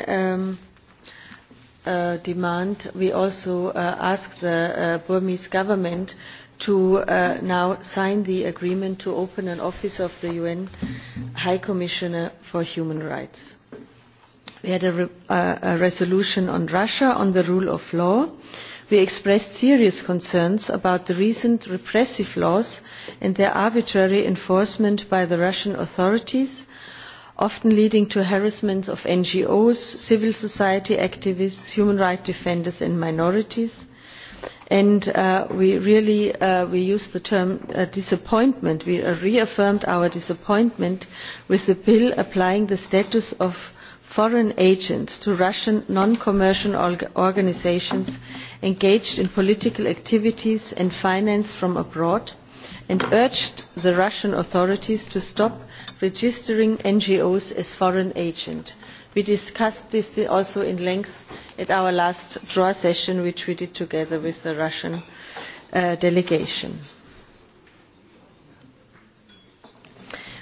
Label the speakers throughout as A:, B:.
A: um, uh, demand, we also uh, ask the uh, Burmese government to uh, now sign the agreement to open an office of the UN High Commissioner for Human Rights. We had a, re uh, a resolution on Russia on the rule of law. We expressed serious concerns about the recent repressive laws and their arbitrary enforcement by the Russian authorities often leading to harassment of NGOs, civil society activists, human rights defenders and minorities. And uh, we really, uh, we used the term uh, disappointment. We reaffirmed our disappointment with the bill applying the status of foreign agents to Russian non-commercial org organizations engaged in political activities and finance from abroad – and urged the Russian authorities to stop registering NGOs as foreign agents. We discussed this also in length at our last draw session, which we did together with the Russian uh, delegation.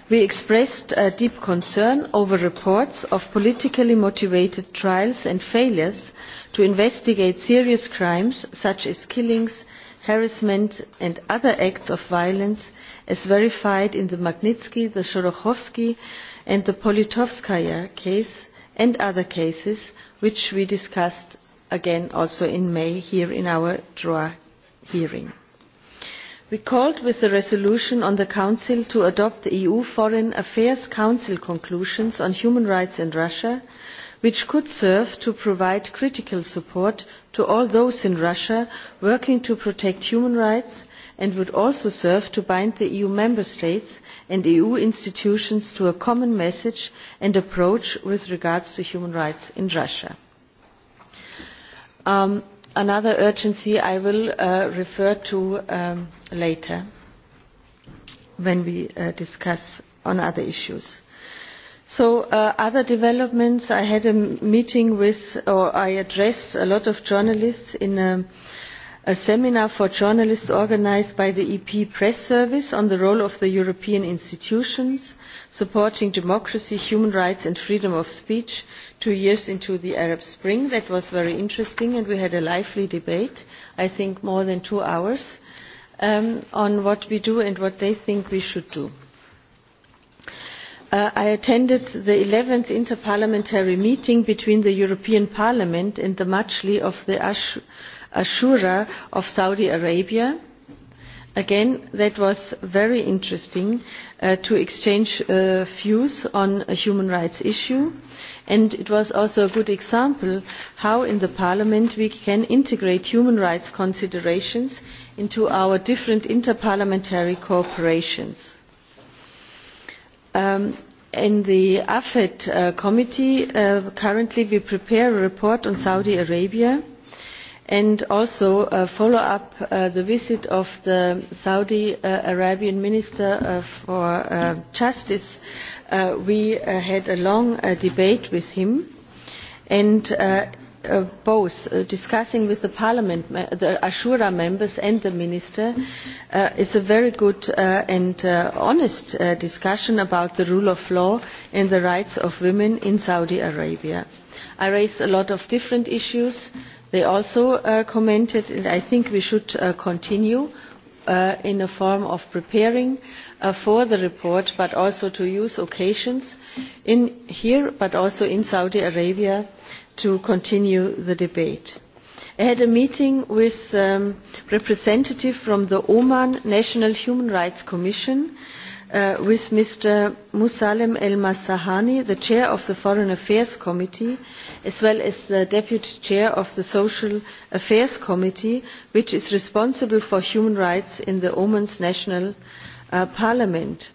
A: We expressed a uh, deep concern over reports of politically motivated trials and failures to investigate serious crimes such as killings, harassment and other acts of violence as verified in the Magnitsky, the Shorokhovsky and the Politovskaya case and other cases which we discussed again also in May here in our DROA hearing. We called with the resolution on the Council to adopt the EU Foreign Affairs Council conclusions on human rights in Russia which could serve to provide critical support to all those in Russia working to protect human rights and would also serve to bind the EU member states and EU institutions to a common message and approach with regards to human rights in Russia. Um, another urgency I will uh, refer to um, later when we uh, discuss on other issues. So uh, other developments, I had a meeting with, or I addressed a lot of journalists in a, a seminar for journalists organized by the EP Press Service on the role of the European institutions, supporting democracy, human rights and freedom of speech, two years into the Arab Spring. That was very interesting and we had a lively debate, I think more than two hours, um, on what we do and what they think we should do. Uh, I attended the 11th interparliamentary meeting between the European Parliament and the Majli of the Ash Ashura of Saudi Arabia. Again, that was very interesting uh, to exchange uh, views on a human rights issue. And it was also a good example how in the Parliament we can integrate human rights considerations into our different interparliamentary cooperations. Um, in the AFET uh, committee, uh, currently we prepare a report on Saudi Arabia and also uh, follow up uh, the visit of the Saudi uh, Arabian Minister uh, for uh, Justice. Uh, we uh, had a long uh, debate with him and uh, uh, both uh, discussing with the parliament, uh, the Ashura members and the minister uh, is a very good uh, and uh, honest uh, discussion about the rule of law and the rights of women in Saudi Arabia. I raised a lot of different issues. They also uh, commented, and I think we should uh, continue uh, in a form of preparing uh, for the report, but also to use occasions in here, but also in Saudi Arabia, to continue the debate. I had a meeting with um, representative from the Oman National Human Rights Commission, uh, with Mr. Musalem El Masahani, the chair of the Foreign Affairs Committee, as well as the deputy chair of the Social Affairs Committee, which is responsible for human rights in the Oman's national uh, parliament.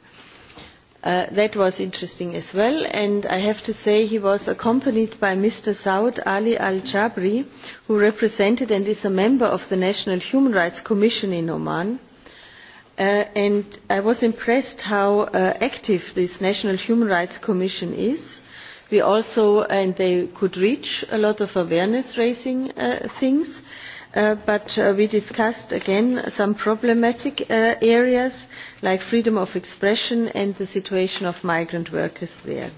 A: Uh, that was interesting as well, and I have to say he was accompanied by Mr. Saud Ali Al-Jabri, who represented and is a member of the National Human Rights Commission in Oman, Uh, and I was impressed how uh, active this National Human Rights Commission is. We also, and they could reach a lot of awareness raising uh, things, uh, but uh, we discussed again some problematic uh, areas like freedom of expression and the situation of migrant workers there.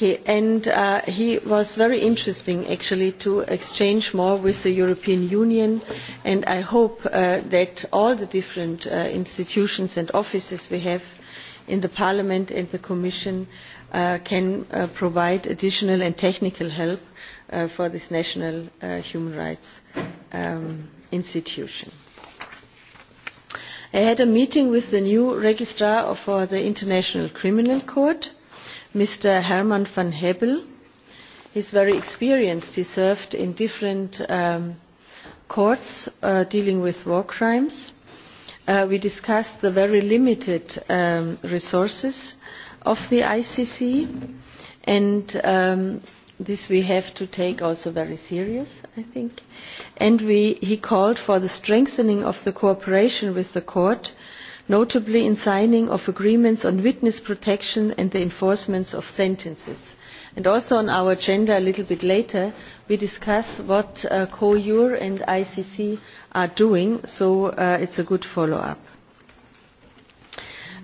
A: Okay, and uh, he was very interesting actually to exchange more with the European Union and I hope uh, that all the different uh, institutions and offices we have in the Parliament and the Commission uh, can uh, provide additional and technical help uh, for this National uh, Human Rights um, Institution. I had a meeting with the new registrar for the International Criminal Court Mr. Herman van Hebel. He's very experienced. He served in different um, courts uh, dealing with war crimes. Uh, we discussed the very limited um, resources of the ICC and um, this we have to take also very serious, I think. And we, he called for the strengthening of the cooperation with the court notably in signing of agreements on witness protection and the enforcement of sentences. And also on our agenda a little bit later, we discuss what uh, COUR and ICC are doing, so uh, it's a good follow-up.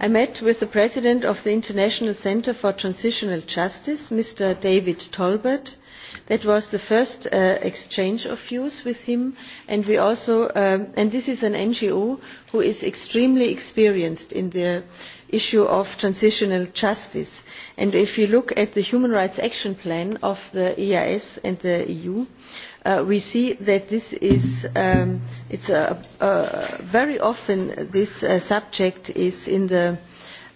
A: I met with the President of the International Center for Transitional Justice, Mr. David Tolbert, That was the first uh, exchange of views with him, and we also, um, and this is an NGO who is extremely experienced in the issue of transitional justice. And if you look at the Human Rights Action Plan of the EIS and the EU, uh, we see that this is um, it's a, a, very often this uh, subject is in the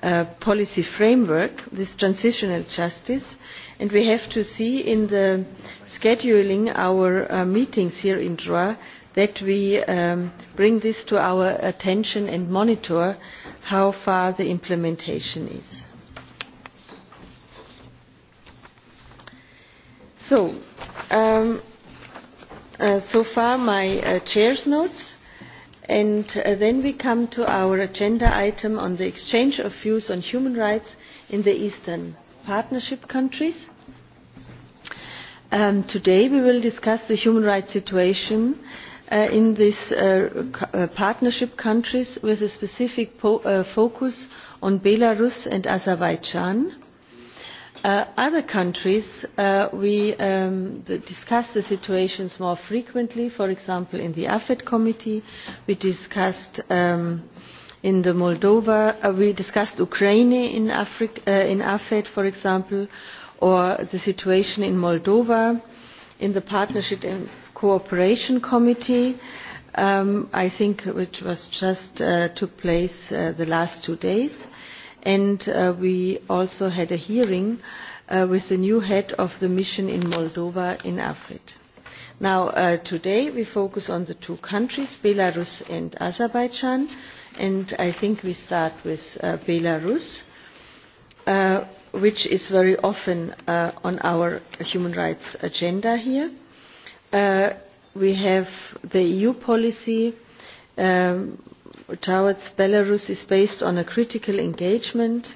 A: uh, policy framework, this transitional justice, And we have to see in the scheduling our uh, meetings here in Drua that we um, bring this to our attention and monitor how far the implementation is. So, um, uh, so far my uh, chair's notes. And uh, then we come to our agenda item on the exchange of views on human rights in the Eastern partnership countries. Um, today we will discuss the human rights situation uh, in these uh, uh, partnership countries with a specific po uh, focus on Belarus and Azerbaijan. Uh, other countries, uh, we um, discuss the situations more frequently, for example, in the AFED committee, we discussed um, in the Moldova. Uh, we discussed Ukraine in, Africa, uh, in AFED, for example, or the situation in Moldova in the Partnership and Cooperation Committee, um, I think, which was just uh, took place uh, the last two days. And uh, we also had a hearing uh, with the new head of the mission in Moldova in AFRID. Now, uh, today we focus on the two countries, Belarus and Azerbaijan, and I think we start with uh, Belarus, uh, which is very often uh, on our human rights agenda here. Uh, we have the EU policy um, towards Belarus is based on a critical engagement.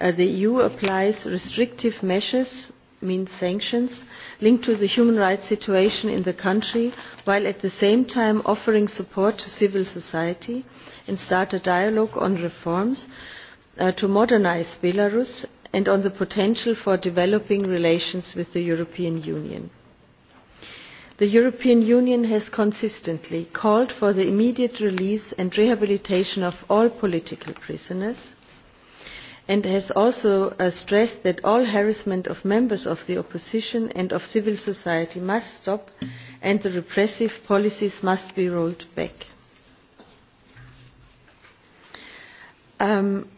A: Uh, the EU applies restrictive measures means sanctions, linked to the human rights situation in the country, while at the same time offering support to civil society and start a dialogue on reforms uh, to modernize Belarus and on the potential for developing relations with the European Union. The European Union has consistently called for the immediate release and rehabilitation of all political prisoners, and has also uh, stressed that all harassment of members of the opposition and of civil society must stop and the repressive policies must be rolled back. Um,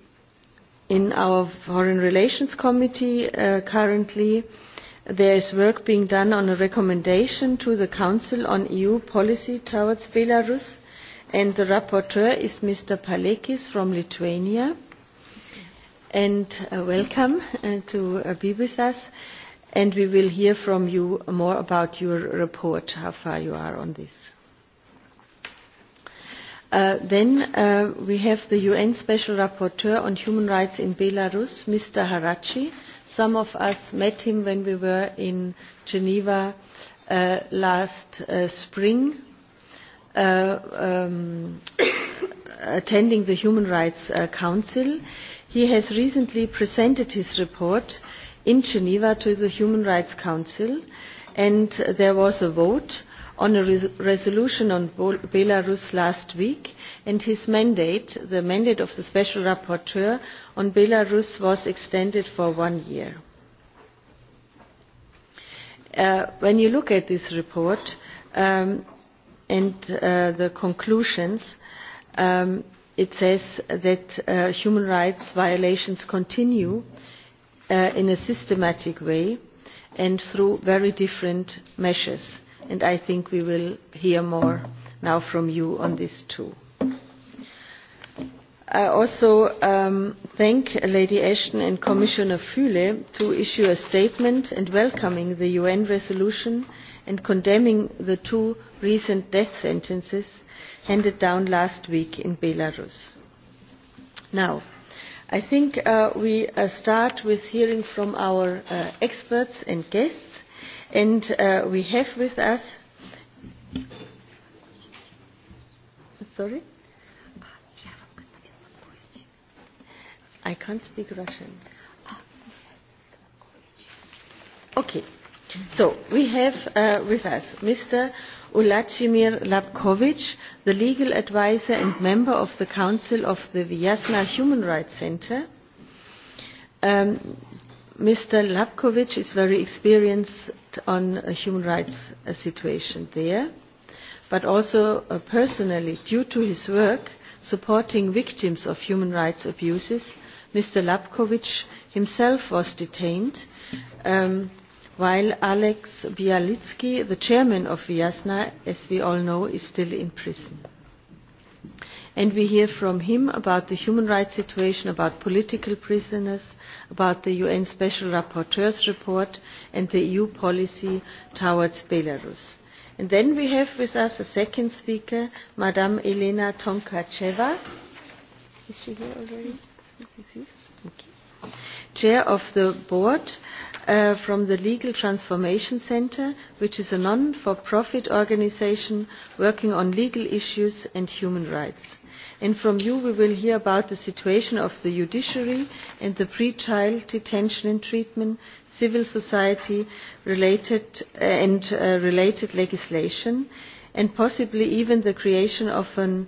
A: in our Foreign Relations Committee uh, currently, there is work being done on a recommendation to the Council on EU policy towards Belarus, and the rapporteur is Mr. Palekis from Lithuania and uh, welcome uh, to uh, be with us. And we will hear from you more about your report, how far you are on this. Uh, then uh, we have the UN Special Rapporteur on Human Rights in Belarus, Mr. Harachi. Some of us met him when we were in Geneva uh, last uh, spring, uh, um, attending the Human Rights uh, Council. Uh, He has recently presented his report in Geneva to the Human Rights Council and there was a vote on a res resolution on Bol Belarus last week and his mandate, the mandate of the Special Rapporteur on Belarus was extended for one year. Uh, when you look at this report um, and uh, the conclusions, um, it says that uh, human rights violations continue uh, in a systematic way and through very different measures. And I think we will hear more now from you on this too. I also um, thank Lady Ashton and Commissioner Füle to issue a statement and welcoming the UN resolution and condemning the two recent death sentences handed down last week in Belarus. Now, I think uh, we uh, start with hearing from our uh, experts and guests, and uh, we have with us. Sorry? I can't speak Russian. Okay, so we have uh, with us Mr. Ulachimir Lapkovich, the legal advisor and member of the Council of the Vyasna Human Rights Center. Um, Mr. Lapkovich is very experienced on a human rights uh, situation there, but also uh, personally, due to his work supporting victims of human rights abuses, Mr. Lapkovich himself was detained um, while Alex Bialitsky, the chairman of Vyasna, as we all know, is still in prison. And we hear from him about the human rights situation, about political prisoners, about the UN Special Rapporteur's report and the EU policy towards Belarus. And then we have with us a second speaker, Madame Elena Tonkacheva. Is she here already? Okay. Chair of the board uh, from the Legal Transformation Center, which is a non-for-profit organization working on legal issues and human rights. And from you we will hear about the situation of the judiciary and the pre-trial detention and treatment, civil society related uh, and uh, related legislation, and possibly even the creation of an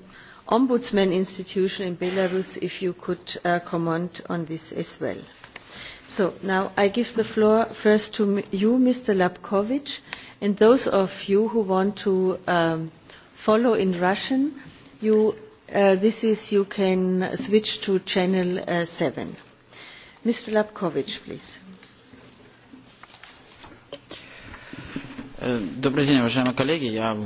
A: ombudsman institution in Belarus if you could uh, comment on this as well. So now I give the floor first to you, Mr. Lapkovich, and those of you who want to um, follow in Russian, you, uh, this is you can switch to channel uh, Mr. Lapkovich, please.
B: Добрый день, уважаемые коллеги. Я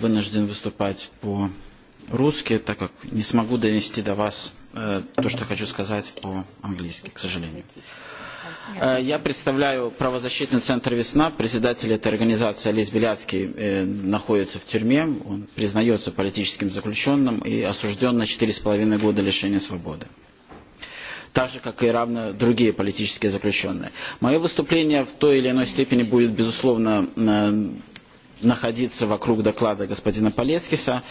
B: вынужден выступать по-русски, так как не смогу донести до вас э, то, что хочу сказать по-английски, к сожалению. Э, я представляю правозащитный центр «Весна». Председатель этой организации Алис Беляцкий э, находится в тюрьме. Он признается политическим заключенным и осужден на 4,5 года лишения свободы так же, как и равно другие политические заключенные. Мое выступление в той или иной степени будет, безусловно, э, находиться вокруг доклада господина Полецкиса,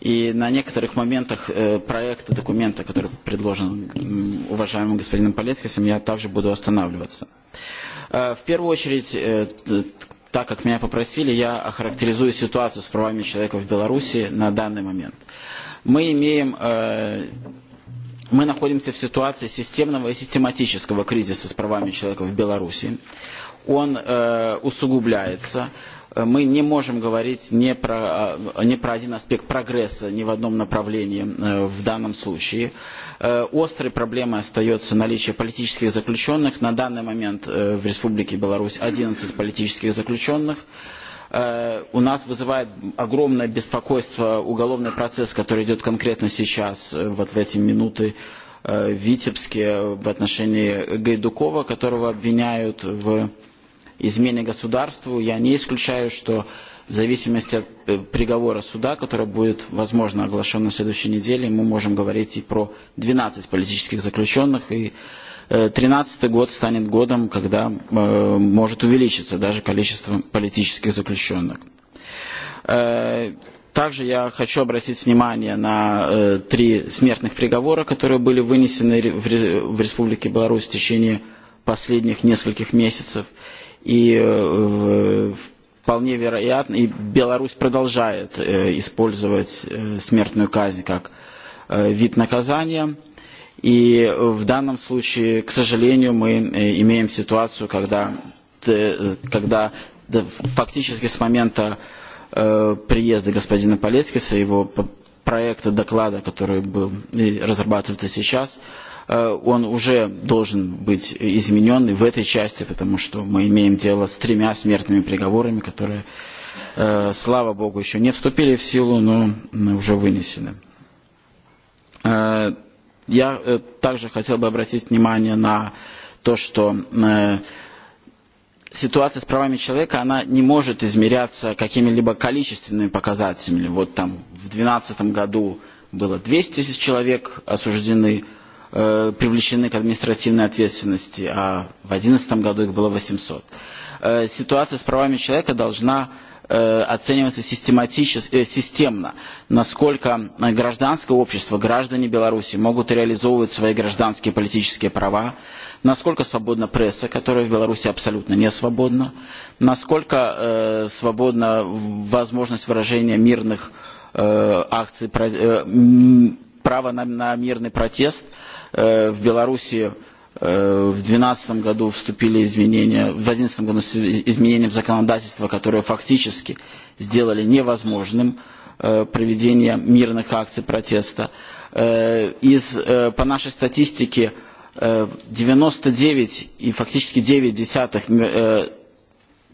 B: и на некоторых моментах э, проекта документа, который предложен уважаемым господином Полецкисом, я также буду останавливаться. Э, в первую очередь, э, так как меня попросили, я охарактеризую ситуацию с правами человека в Беларуси на данный момент. Мы имеем мы находимся в ситуации системного и систематического кризиса с правами человека в Беларуси. Он э, усугубляется. Э, мы не можем говорить не про, э, не про один аспект прогресса ни в одном направлении э, в данном случае. Острой проблемой остается наличие политических заключенных. На данный момент в Республике Беларусь 11 политических заключенных у нас вызывает огромное беспокойство уголовный процесс, который идет конкретно сейчас, вот в эти минуты, в Витебске в отношении Гайдукова, которого обвиняют в Измены государству. Я не исключаю, что в зависимости от э, приговора суда, который будет, возможно, оглашен на следующей неделе, мы можем говорить и про 12 политических заключенных, и 13-й э, год станет годом, когда э, может увеличиться даже количество политических заключенных. Также я хочу обратить внимание на три смертных приговора, которые были вынесены в Республике Беларусь в течение последних нескольких месяцев и э, вполне вероятно, и Беларусь продолжает э, использовать э, смертную казнь как вид наказания. И в данном случае, к сожалению, мы имеем ситуацию, когда, когда фактически с момента приезда господина Полецкиса, его проекта доклада, который был разрабатывается сейчас, Э, он уже должен быть изменен в этой части, потому что мы имеем дело с тремя смертными приговорами, которые, э, слава богу, еще не вступили в силу, но уже вынесены. Э, я также хотел бы обратить внимание на то, что ситуация с правами человека, она не может измеряться какими-либо количественными показателями. Вот там в 2012 году было 200 тысяч человек осуждены э, привлечены к административной ответственности, а в 2011 году их было 800. Э, ситуация с правами человека должна э, оцениваться систематически, э, системно, насколько э, гражданское общество, граждане Беларуси могут реализовывать свои гражданские политические права, насколько свободна пресса, которая в Беларуси абсолютно не свободна, насколько э, свободна возможность выражения мирных э, акций, э, право на, на мирный протест. Э, в Беларуси э, в 2012 году вступили изменения, в 2011 году изменения в законодательство, которые фактически сделали невозможным э, проведение мирных акций протеста. Э, из, э, по нашей статистике э, 99 и фактически 9 десятых э,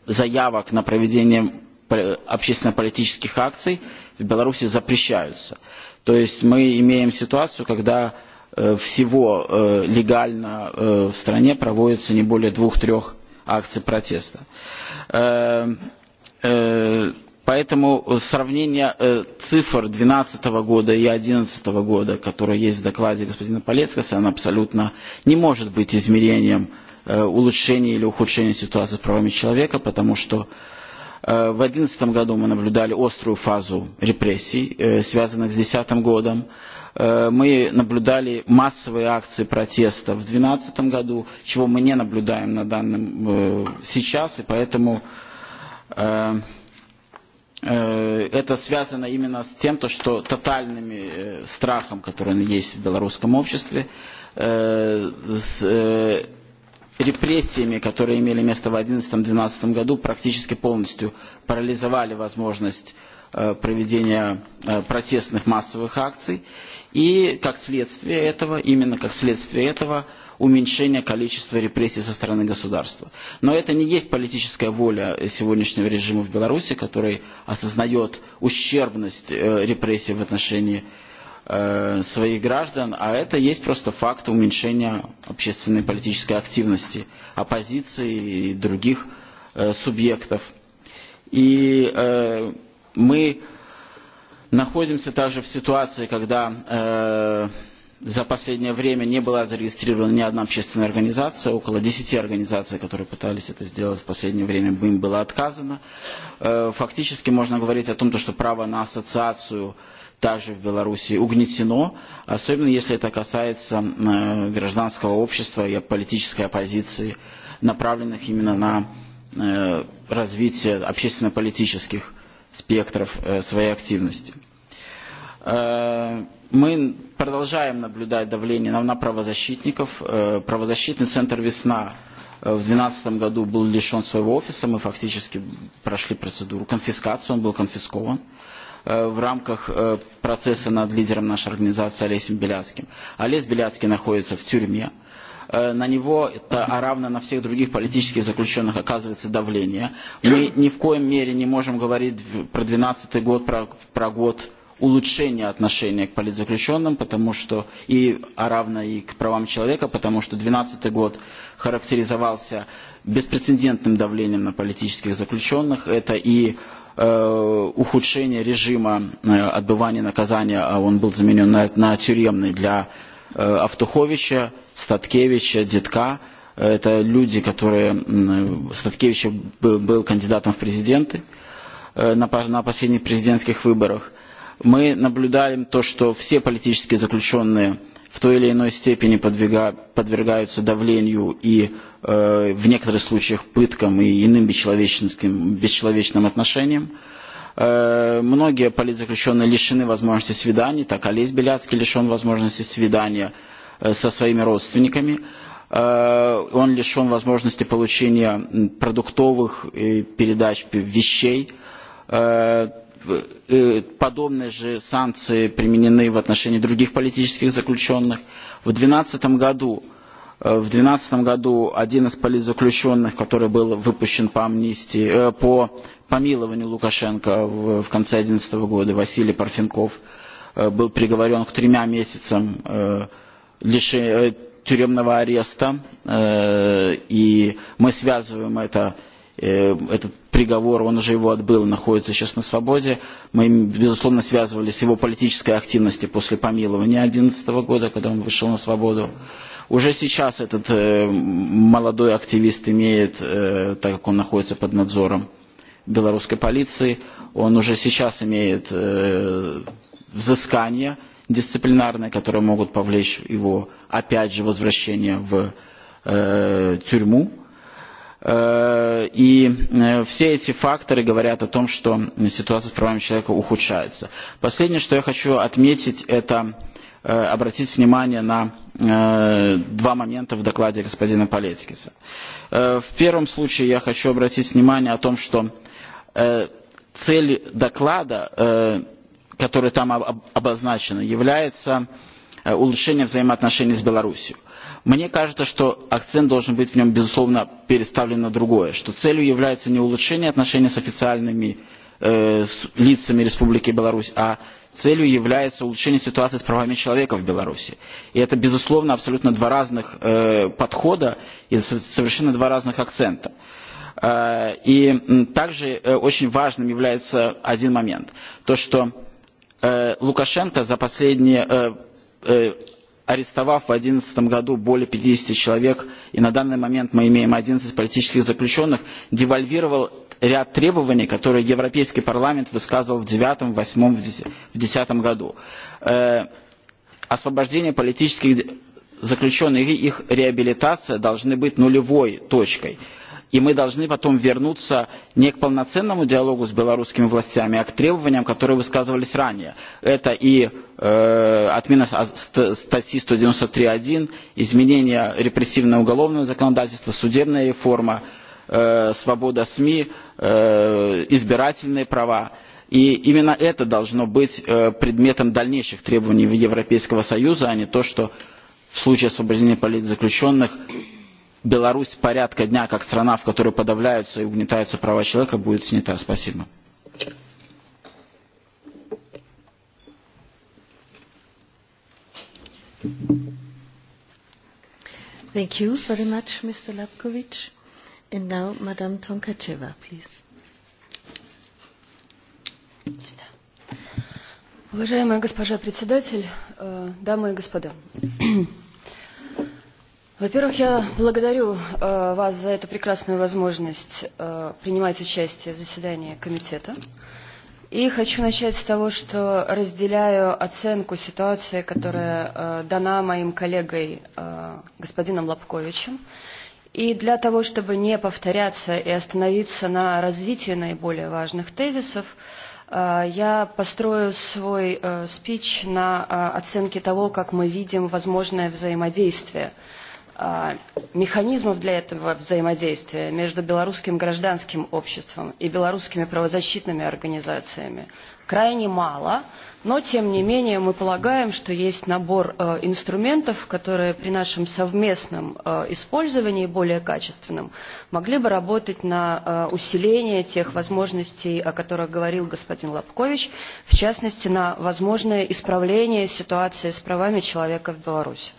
B: заявок на проведение общественно-политических акций в Беларуси запрещаются. То есть мы имеем ситуацию, когда э, всего э, легально э, в стране проводится не более двух-трех акций протеста. Поэтому сравнение цифр 2012 года и 2011 года, которые есть в докладе господина Полецкаса, оно абсолютно не может быть измерением улучшения или ухудшения ситуации с правами человека, потому что Э, в 2011 году мы наблюдали острую фазу репрессий, э, связанных с 2010 годом. Э, мы наблюдали массовые акции протеста в 2012 году, чего мы не наблюдаем на данном сейчас, и поэтому это связано именно с тем, то, что тотальным страхом, который есть в белорусском обществе, с репрессиями, которые имели место в 2011-2012 году, практически полностью парализовали возможность э, проведения э, протестных массовых акций. И как следствие этого, именно как следствие этого, уменьшение количества репрессий со стороны государства. Но это не есть политическая воля сегодняшнего режима в Беларуси, который осознает ущербность э, репрессий в отношении Э, своих граждан, а это есть просто факт уменьшения общественной политической активности, оппозиции и других э, субъектов. И э, мы находимся также в ситуации, когда за последнее время не была зарегистрирована ни одна общественная организация, около 10 организаций, которые пытались это сделать в последнее время, им было отказано. Фактически можно говорить о том, что право на ассоциацию – также в Беларуси угнетено, особенно если это касается э, гражданского общества и политической оппозиции, направленных именно на э, развитие общественно-политических спектров э, своей активности. Мы продолжаем наблюдать давление на правозащитников. Правозащитный центр «Весна» в 2012 году был лишен своего офиса. Мы фактически прошли процедуру конфискации, он был конфискован. Э, в рамках э, процесса над лидером нашей организации Олесем Беляцким. Олес Беляцкий находится в тюрьме. Э, на него, а равно на всех других политических заключенных, оказывается давление. Мы ни в коем мере не можем говорить про 12-й год, про, про год улучшение отношения к политзаключенным, потому что и а равно и к правам человека, потому что 2012 год характеризовался беспрецедентным давлением на политических заключенных. Это и Э, ухудшение режима э, отбывания наказания, а он был заменен на, на тюремный для э, Автуховича, Статкевича, Детка. Это люди, которые... Статкевич был кандидатом в президенты на последних президентских выборах. Мы наблюдаем то, что все политические заключенные – в той или иной степени подвергаются давлению и э, в некоторых случаях пыткам и иным бесчеловечным, бесчеловечным отношениям. Э, многие политзаключенные лишены возможности свиданий, так Олесь Беляцкий лишен возможности свидания э, со своими родственниками. Э, он лишен возможности получения продуктовых э, передач вещей. Э, Э, подобные же санкции применены в отношении других политических заключенных. В 2012 году э, в 2012 году один из политзаключенных, который был выпущен по амнистии, э, по помилованию Лукашенко в конце 2011 года, Василий Парфенков, был приговорен к тремя месяцам тюремного ареста. И мы связываем это Э, этот приговор, он уже его отбыл, находится сейчас на свободе. Мы, безусловно, связывали с его политической активностью после помилования 2011 года, когда он вышел на свободу. Уже сейчас этот э, молодой активист имеет, э, так как он находится под надзором белорусской полиции, он уже сейчас имеет э, взыскание дисциплинарное, которые могут повлечь его, опять же, возвращение в э, тюрьму Э, и э, все эти факторы говорят о том, что ситуация с правами человека ухудшается. Последнее, что я хочу отметить, это э, обратить внимание на два момента в докладе господина Полецкиса. В первом случае я хочу обратить внимание о том, что цель доклада, которая там обозначена, является улучшение взаимоотношений с Беларусью. Мне кажется, что акцент должен быть в нем, безусловно, переставлен на другое, что целью является не улучшение отношений с официальными э, с лицами Республики Беларусь, а целью является улучшение ситуации с правами человека в Беларуси. И это, безусловно, абсолютно два разных э, подхода и совершенно два разных акцента. Э, и также э, очень важным является один момент. То, что э, Лукашенко за последние э, э, арестовав в 2011 году более 50 человек, и на данный момент мы имеем 11 политических заключенных, девальвировал ряд требований, которые Европейский парламент высказывал в 2009, 2008, 2010 году. Э, освобождение политических заключенных и их реабилитация должны быть нулевой точкой и мы должны потом вернуться не к полноценному диалогу с белорусскими властями, а к требованиям, которые высказывались ранее. Это и э, отмена статьи 193.1, изменение репрессивного уголовного законодательства, судебная реформа, э, свобода СМИ, э, избирательные права. И именно это должно быть э, предметом дальнейших требований Европейского Союза, а не то, что в случае освобождения политзаключенных Беларусь порядка дня, как страна, в которой подавляются и угнетаются права человека, будет снята. Спасибо.
A: Thank you very much, Mr. Lapkovich. And now, Madame Tonkacheva, please.
C: Уважаемая госпожа председатель, э, дамы и господа, Во-первых, я благодарю э, вас за эту прекрасную возможность э, принимать участие в заседании комитета. И хочу начать с того, что разделяю оценку ситуации, которая э, дана моим коллегой э, господином Лобковичем. И для того, чтобы не повторяться и остановиться на развитии наиболее важных тезисов, э, я построю свой э, спич на э, оценке того, как мы видим возможное взаимодействие механизмов для этого взаимодействия между белорусским гражданским обществом и белорусскими правозащитными организациями крайне мало, но тем не менее мы полагаем, что есть набор э, инструментов, которые при нашем совместном э, использовании более качественном могли бы работать на э, усиление тех возможностей, о которых говорил господин Лобкович, в частности на возможное исправление ситуации с правами человека в Беларуси.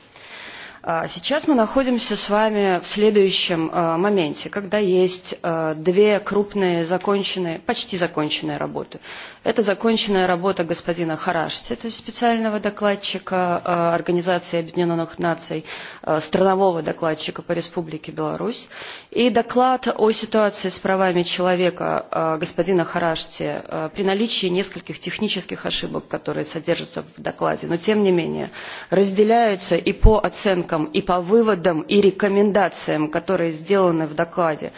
C: Сейчас мы находимся с вами в следующем моменте, когда есть две крупные законченные, почти законченные работы. Это законченная работа господина Харашти, то есть специального докладчика Организации Объединенных Наций, странового докладчика по Республике Беларусь, и доклад о ситуации с правами человека господина Харашти при наличии нескольких технических ошибок, которые содержатся в докладе, но тем не менее разделяются и по оценкам и по выводам и рекомендациям, которые сделаны в докладе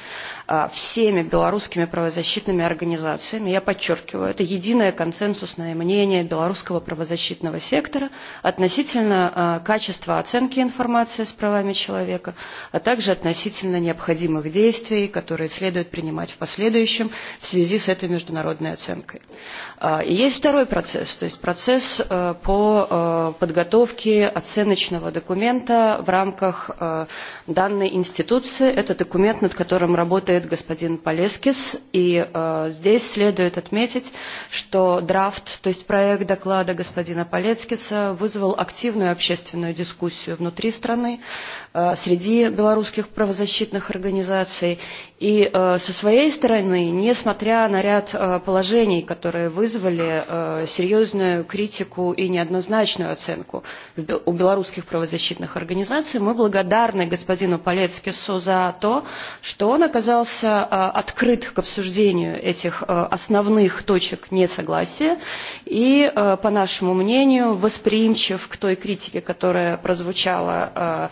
C: всеми белорусскими правозащитными организациями. Я подчеркиваю, это единое консенсусное мнение белорусского правозащитного сектора относительно качества оценки информации с правами человека, а также относительно необходимых действий, которые следует принимать в последующем в связи с этой международной оценкой. И есть второй процесс, то есть процесс по подготовке оценочного документа в рамках данной институции. Это документ, над которым работает представляет господин Полескис. И э, здесь следует отметить, что драфт, то есть проект доклада господина Полескиса вызвал активную общественную дискуссию внутри страны, Э, среди белорусских правозащитных организаций. И э, со своей стороны, несмотря на ряд э, положений, которые вызвали серьезную критику и неоднозначную оценку у белорусских правозащитных организаций, мы благодарны господину Полецкису за то, что он оказался открыт к обсуждению этих основных точек несогласия и, по нашему мнению, восприимчив к той критике, которая прозвучала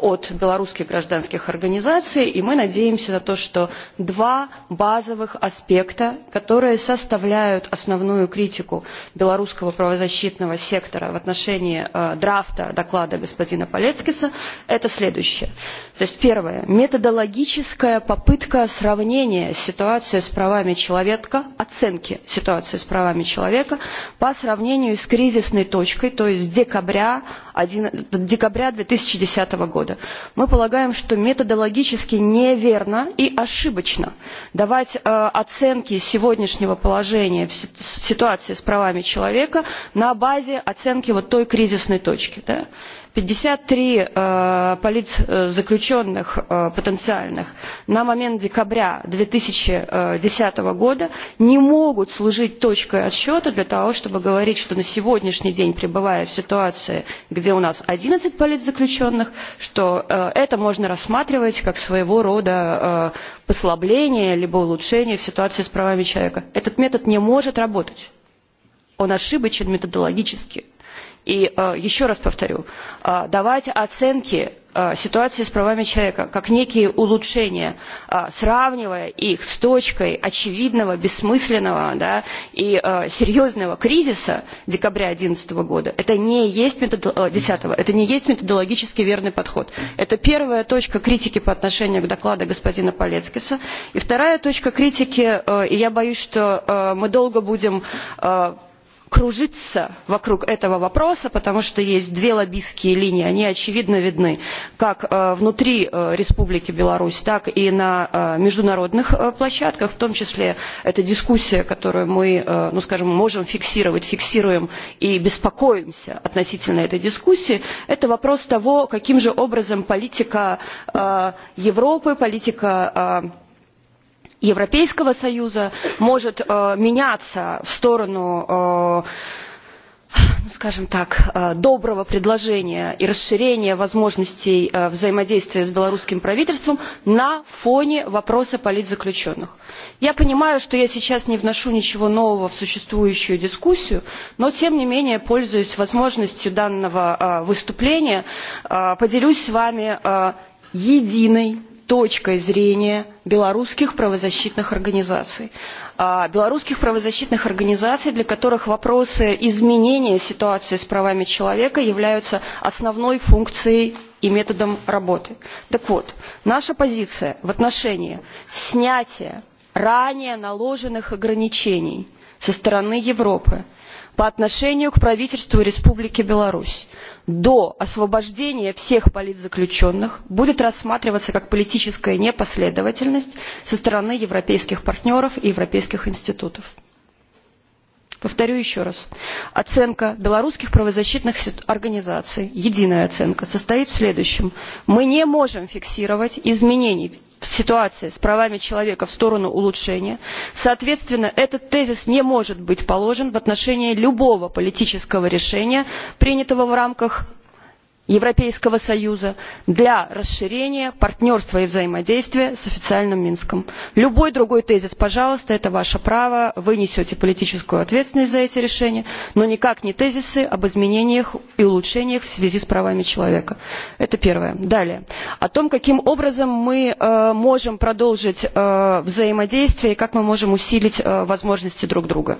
C: от белорусских гражданских организаций, и мы надеемся на то, что два базовых аспекта, которые составляют основную критику белорусского правозащитного сектора в отношении э, драфта доклада господина Полецкиса, это следующее. То есть первое, методологическая попытка сравнения ситуации с правами человека, оценки ситуации с правами человека по сравнению с кризисной точкой, то есть декабря, две декабря 2010 года года. Мы полагаем, что методологически неверно и ошибочно давать э, оценки сегодняшнего положения в ситуации с правами человека на базе оценки вот той кризисной точки. Да? пятьдесят три э, политзаключенных э, потенциальных на момент декабря две тысячи десятого года не могут служить точкой отсчета для того чтобы говорить что на сегодняшний день пребывая в ситуации где у нас одиннадцать политзаключенных что э, это можно рассматривать как своего рода послабление либо улучшение в ситуации с правами человека этот метод не может работать он ошибочен методологически И э, еще раз повторю, э, давать оценки э, ситуации с правами человека как некие улучшения, сравнивая их с точкой очевидного, бессмысленного да, и серьезного кризиса декабря 2011 года, это не, есть метод... 10 это не есть методологически верный подход. Это первая точка критики по отношению к докладу господина Полецкиса. И вторая точка критики, и я боюсь, что мы долго будем кружиться вокруг этого вопроса, потому что есть две лоббистские линии, они очевидно видны как э, внутри э, Республики Беларусь, так и на э, международных площадках, в том числе это дискуссия, которую мы, ну скажем, можем фиксировать, фиксируем и беспокоимся относительно этой дискуссии, это вопрос того, каким же образом политика Европы, политика Европейского Союза может э, меняться в сторону э, скажем так, э, доброго предложения и расширения возможностей э, взаимодействия с белорусским правительством на фоне вопроса политзаключенных. Я понимаю, что я сейчас не вношу ничего нового в существующую дискуссию, но тем не менее, пользуясь возможностью данного э, выступления, поделюсь с вами единой точкой зрения белорусских правозащитных организаций. Белорусских правозащитных организаций, для которых вопросы изменения ситуации с правами человека являются основной функцией и методом работы. Так вот, наша позиция в отношении снятия ранее наложенных ограничений со стороны Европы – по отношению к правительству Республики Беларусь до освобождения всех политзаключенных будет рассматриваться как политическая непоследовательность со стороны европейских партнеров и европейских институтов. Повторю еще раз. Оценка белорусских правозащитных организаций, единая оценка, состоит в следующем. Мы не можем фиксировать изменений ситуации с правами человека в сторону улучшения. Соответственно, этот тезис не может быть положен в отношении любого политического решения, принятого в рамках Европейского Союза для расширения партнерства и взаимодействия с официальным Минском. Любой другой тезис, пожалуйста, это ваше право, вы несете политическую ответственность за эти решения, но никак не тезисы об изменениях и улучшениях в связи с правами человека. Это первое. Далее. О том, каким образом мы э, можем продолжить э, взаимодействие и как мы можем усилить э, возможности друг друга.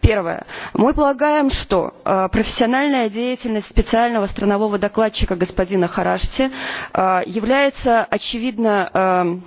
C: Первое. Мы полагаем, что э, профессиональная деятельность специального странового доклада докладчика господина Харашти является очевидно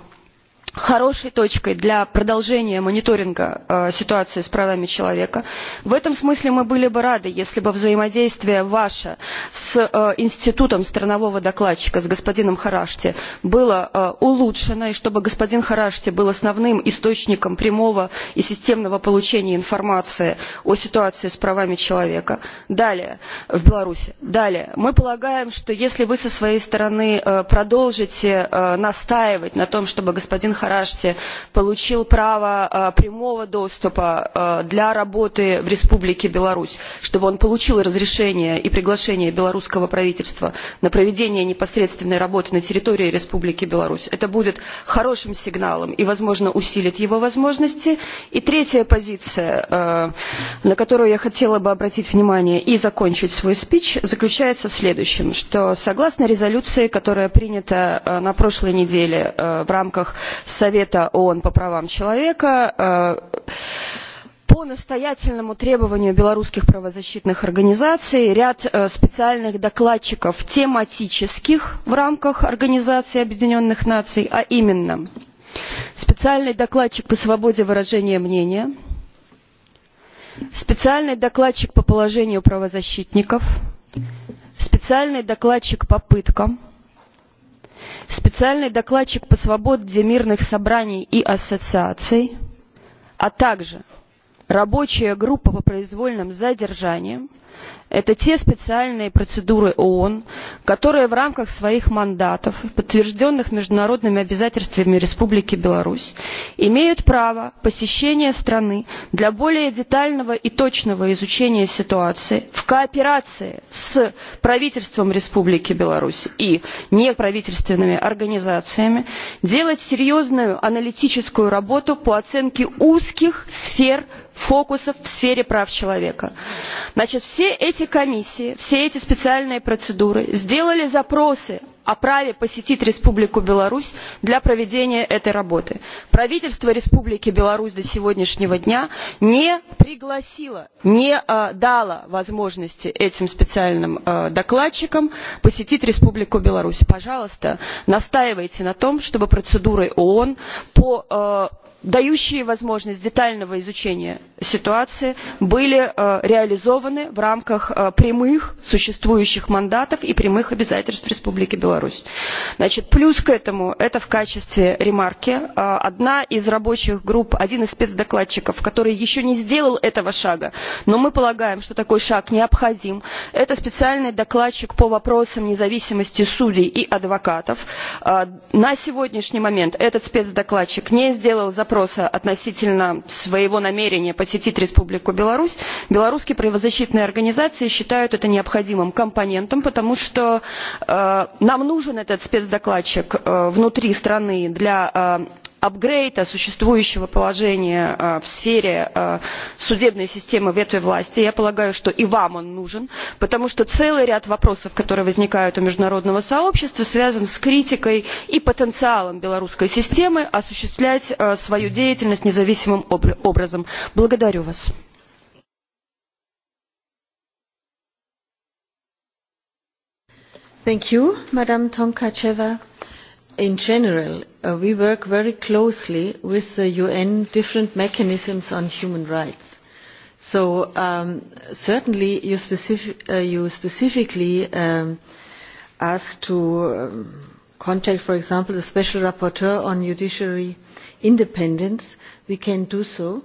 C: хорошей точкой для продолжения мониторинга э, ситуации с правами человека. В этом смысле мы были бы рады, если бы взаимодействие ваше с э, институтом странового докладчика, с господином Харашти, было э, улучшено, и чтобы господин Харашти был основным источником прямого и системного получения информации о ситуации с правами человека. Далее, в Беларуси. Далее, мы полагаем, что если вы со своей стороны э, продолжите э, настаивать на том, чтобы господин Харашти Харашти получил право э, прямого доступа э, для работы в Республике Беларусь, чтобы он получил разрешение и приглашение белорусского правительства на проведение непосредственной работы на территории Республики Беларусь. Это будет хорошим сигналом и, возможно, усилит его возможности. И третья позиция, э, на которую я хотела бы обратить внимание и закончить свой спич, заключается в следующем, что согласно резолюции, которая принята на прошлой неделе в рамках Совета ООН по правам человека э, по настоятельному требованию белорусских правозащитных организаций ряд э, специальных докладчиков тематических в рамках Организации Объединенных Наций, а именно специальный докладчик по свободе выражения мнения, специальный докладчик по положению правозащитников, специальный докладчик по пыткам – специальный докладчик по свободе мирных собраний и ассоциаций, а также рабочая группа по произвольным задержаниям – Это те специальные процедуры ООН, которые в рамках своих мандатов, подтвержденных международными обязательствами Республики Беларусь, имеют право посещения страны для более детального и точного изучения ситуации в кооперации с правительством Республики Беларусь и неправительственными организациями, делать серьезную аналитическую работу по оценке узких сфер фокусов в сфере прав человека. Значит, все эти комиссии, все эти специальные процедуры сделали запросы о праве посетить Республику Беларусь для проведения этой работы. Правительство Республики Беларусь до сегодняшнего дня не пригласило, не дало возможности этим специальным докладчикам посетить Республику Беларусь. Пожалуйста, настаивайте на том, чтобы процедуры ООН, по, дающие возможность детального изучения ситуации, были э, реализованы в рамках э, прямых существующих мандатов и прямых обязательств Республики Беларусь. Беларусь. Значит, плюс к этому, это в качестве ремарки, одна из рабочих групп, один из спецдокладчиков, который еще не сделал этого шага, но мы полагаем, что такой шаг необходим, это специальный докладчик по вопросам независимости судей и адвокатов. На сегодняшний момент этот спецдокладчик не сделал запроса относительно своего намерения посетить Республику Беларусь. Белорусские правозащитные организации считают это необходимым компонентом, потому что э, нам нужен этот спецдокладчик э, внутри страны для э, апгрейда существующего положения э, в сфере судебной системы ветви власти. Я полагаю, что и вам он нужен, потому что целый ряд вопросов, которые возникают у международного сообщества, связан с критикой и потенциалом белорусской системы осуществлять свою деятельность независимым образом. Благодарю вас. Thank
A: you, Madam Tonkacheva. In general, uh, we work very closely with the UN different mechanisms on human rights. So um, certainly you, specific, uh, you specifically um, asked to um, contact, for example, the Special Rapporteur on Judiciary Independence. We can do so,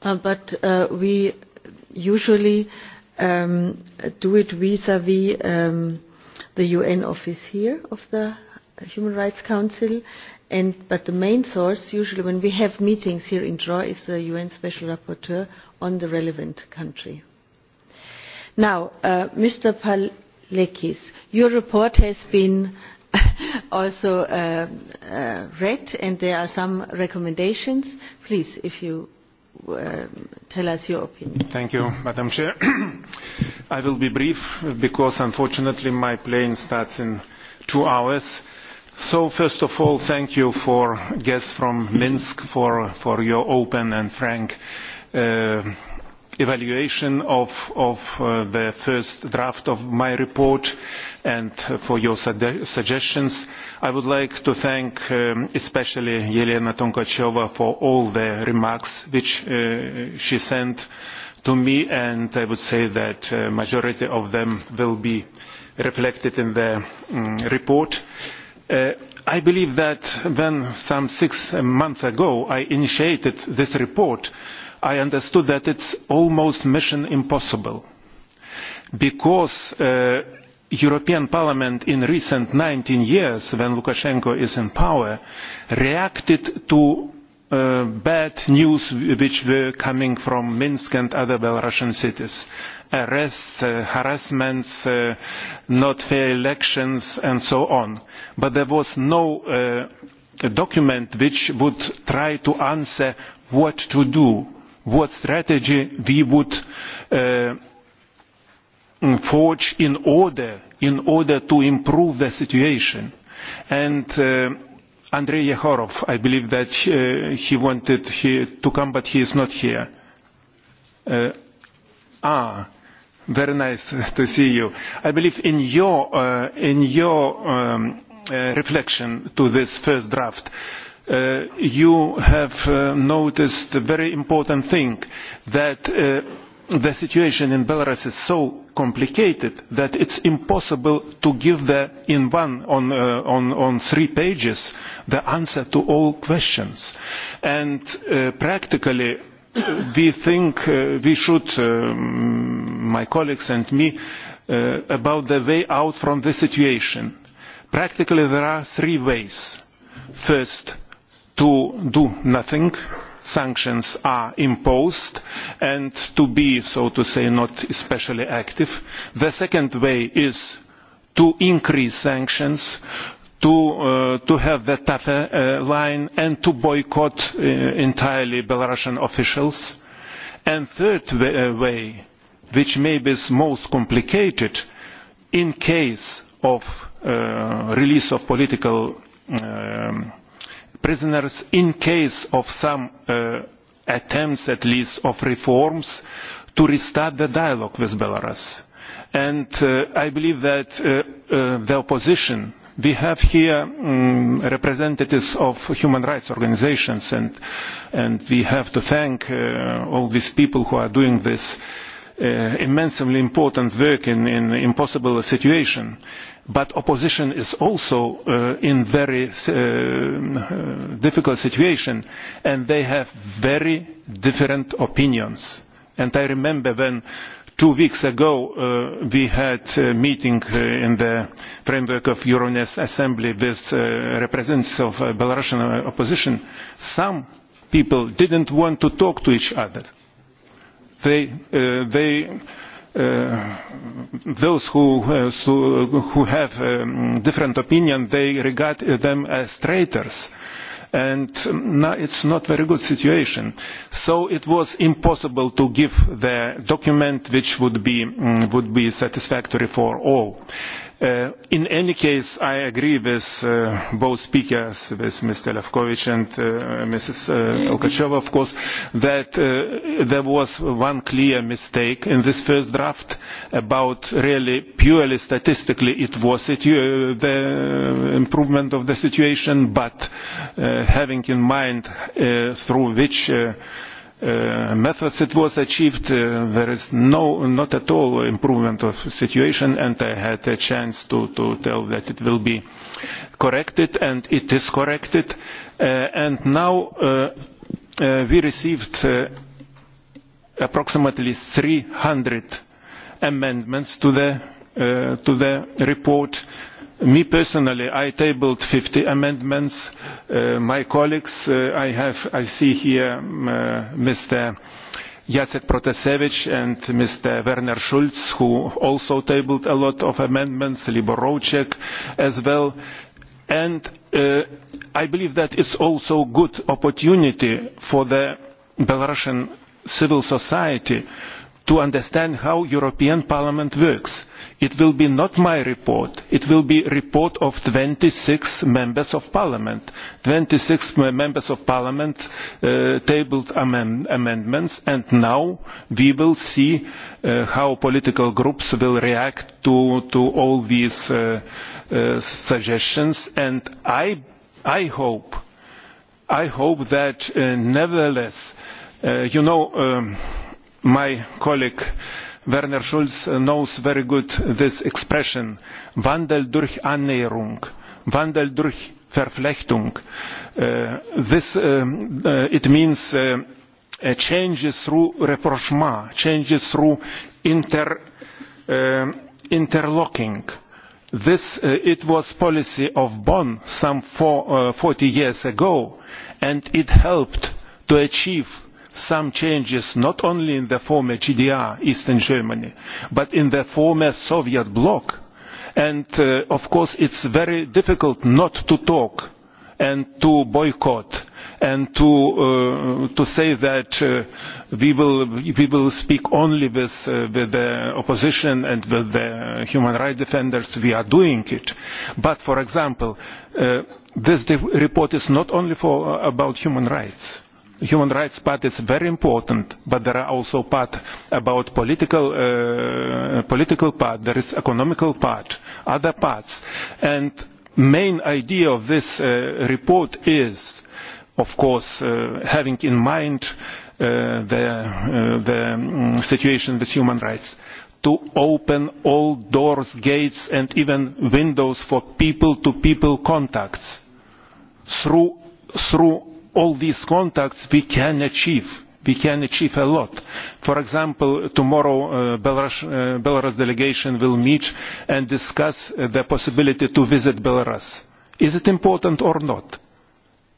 A: uh, but uh, we usually um, do it vis-à-vis -vis, um, the UN office here of the Human Rights Council, and, but the main source, usually when we have meetings here in Draw, is the UN Special Rapporteur on the relevant country. Now, uh, Mr. Palekis, your report has been also uh, uh, read, and there are some recommendations. Please, if you Uh, tell us your opinion. Thank you,
D: Madam Chair. I will be brief because unfortunately my plane starts in two hours. So first of all, thank you for guests from Minsk for, for your open and frank uh, evaluation of, of uh, the first draft of my report and uh, for your suggestions. I would like to thank um, especially Yelena Tonkacheva for all the remarks which uh, she sent to me and I would say that uh, majority of them will be reflected in the um, report. Uh, I believe that when some six months ago I initiated this report, I understood that it's almost mission impossible because uh, European Parliament in recent 19 years when Lukashenko is in power reacted to uh, bad news which were coming from Minsk and other Belarusian cities. Arrests, uh, harassments, uh, not fair elections and so on. But there was no uh, document which would try to answer what to do what strategy we would uh, forge in order, in order to improve the situation. And uh, Andrei Yehorov, I believe that uh, he wanted he, to come, but he is not here. Uh, ah, very nice to see you. I believe in your, uh, in your um, uh, reflection to this first draft, Uh, you have uh, noticed a very important thing that uh, the situation in Belarus is so complicated that it's impossible to give the, in one on, uh, on, on three pages the answer to all questions and uh, practically we think uh, we should um, my colleagues and me uh, about the way out from the situation practically there are three ways first to do nothing sanctions are imposed and to be so to say not especially active the second way is to increase sanctions to uh, to have the tougher uh, line and to boycott uh, entirely belarusian officials and third uh, way which maybe is most complicated in case of uh, release of political um, prisoners in case of some uh, attempts at least of reforms to restart the dialogue with Belarus. And uh, I believe that uh, uh, the opposition, we have here um, representatives of human rights organizations and, and we have to thank uh, all these people who are doing this uh, immensely important work in an impossible situation. Uh, but opposition is also uh, in very uh, difficult situation and they have very different opinions and i remember when two weeks ago uh, we had a meeting uh, in the framework of euronest assembly with uh, representatives of uh, belarusian uh, opposition some people didn't want to talk to each other they uh, they uh, those who, uh, so, who have um, different opinion, they regard them as traitors. And now it's not very good situation. So it was impossible to give the document which would be, um, would be satisfactory for all. Uh, Uh, in any case, I agree with uh, both speakers, with Mr. Levkovich and uh, Mrs. Uh, Okacheva, of course, that uh, there was one clear mistake in this first draft about really purely statistically it was it, uh, the improvement of the situation, but uh, having in mind uh, through which uh, uh, methods it was achieved, uh, there is no, not at all improvement of situation and I had a chance to, to tell that it will be corrected and it is corrected uh, and now uh, uh, we received uh, approximately 300 amendments to the, uh, to the report Me personally, I tabled 50 amendments. Uh, my colleagues, uh, I have, I see here um, uh, Mr. Jacek Protasevich and Mr. Werner Schulz, who also tabled a lot of amendments, Libor Rocek as well. And uh, I believe that it's also a good opportunity for the Belarusian civil society to understand how European Parliament works it will be not my report it will be report of 26 members of parliament 26 members of parliament uh, tabled amend amendments and now we will see uh, how political groups will react to to all these uh, uh, suggestions and i i hope i hope that uh, nevertheless uh, you know um, my colleague uh, Werner Schulz knows very good this expression, Wandel durch Annäherung, Wandel durch Verflechtung. Uh, this, um, uh, it means uh, a uh, changes through rapprochement, changes through inter, uh, interlocking. This, uh, it was policy of Bonn some four, uh, 40 years ago, and it helped to achieve some changes not only in the former GDR, Eastern Germany, but in the former Soviet bloc. And uh, of course, it's very difficult not to talk and to boycott and to uh, to say that uh, we will we will speak only with, uh, with the opposition and with the human rights defenders we are doing it but for example uh, this report is not only for uh, about human rights human rights part is very important, but there are also part about political, uh, political part, there is economical part, other parts. And main idea of this uh, report is, of course, uh, having in mind uh, the, uh, the um, situation with human rights to open all doors, gates and even windows for people-to-people -people contacts through, through all these contacts we can achieve we can achieve a lot. For example, tomorrow uh, Belarus, uh, Belarus delegation will meet and discuss uh, the possibility to visit Belarus. Is it important or not?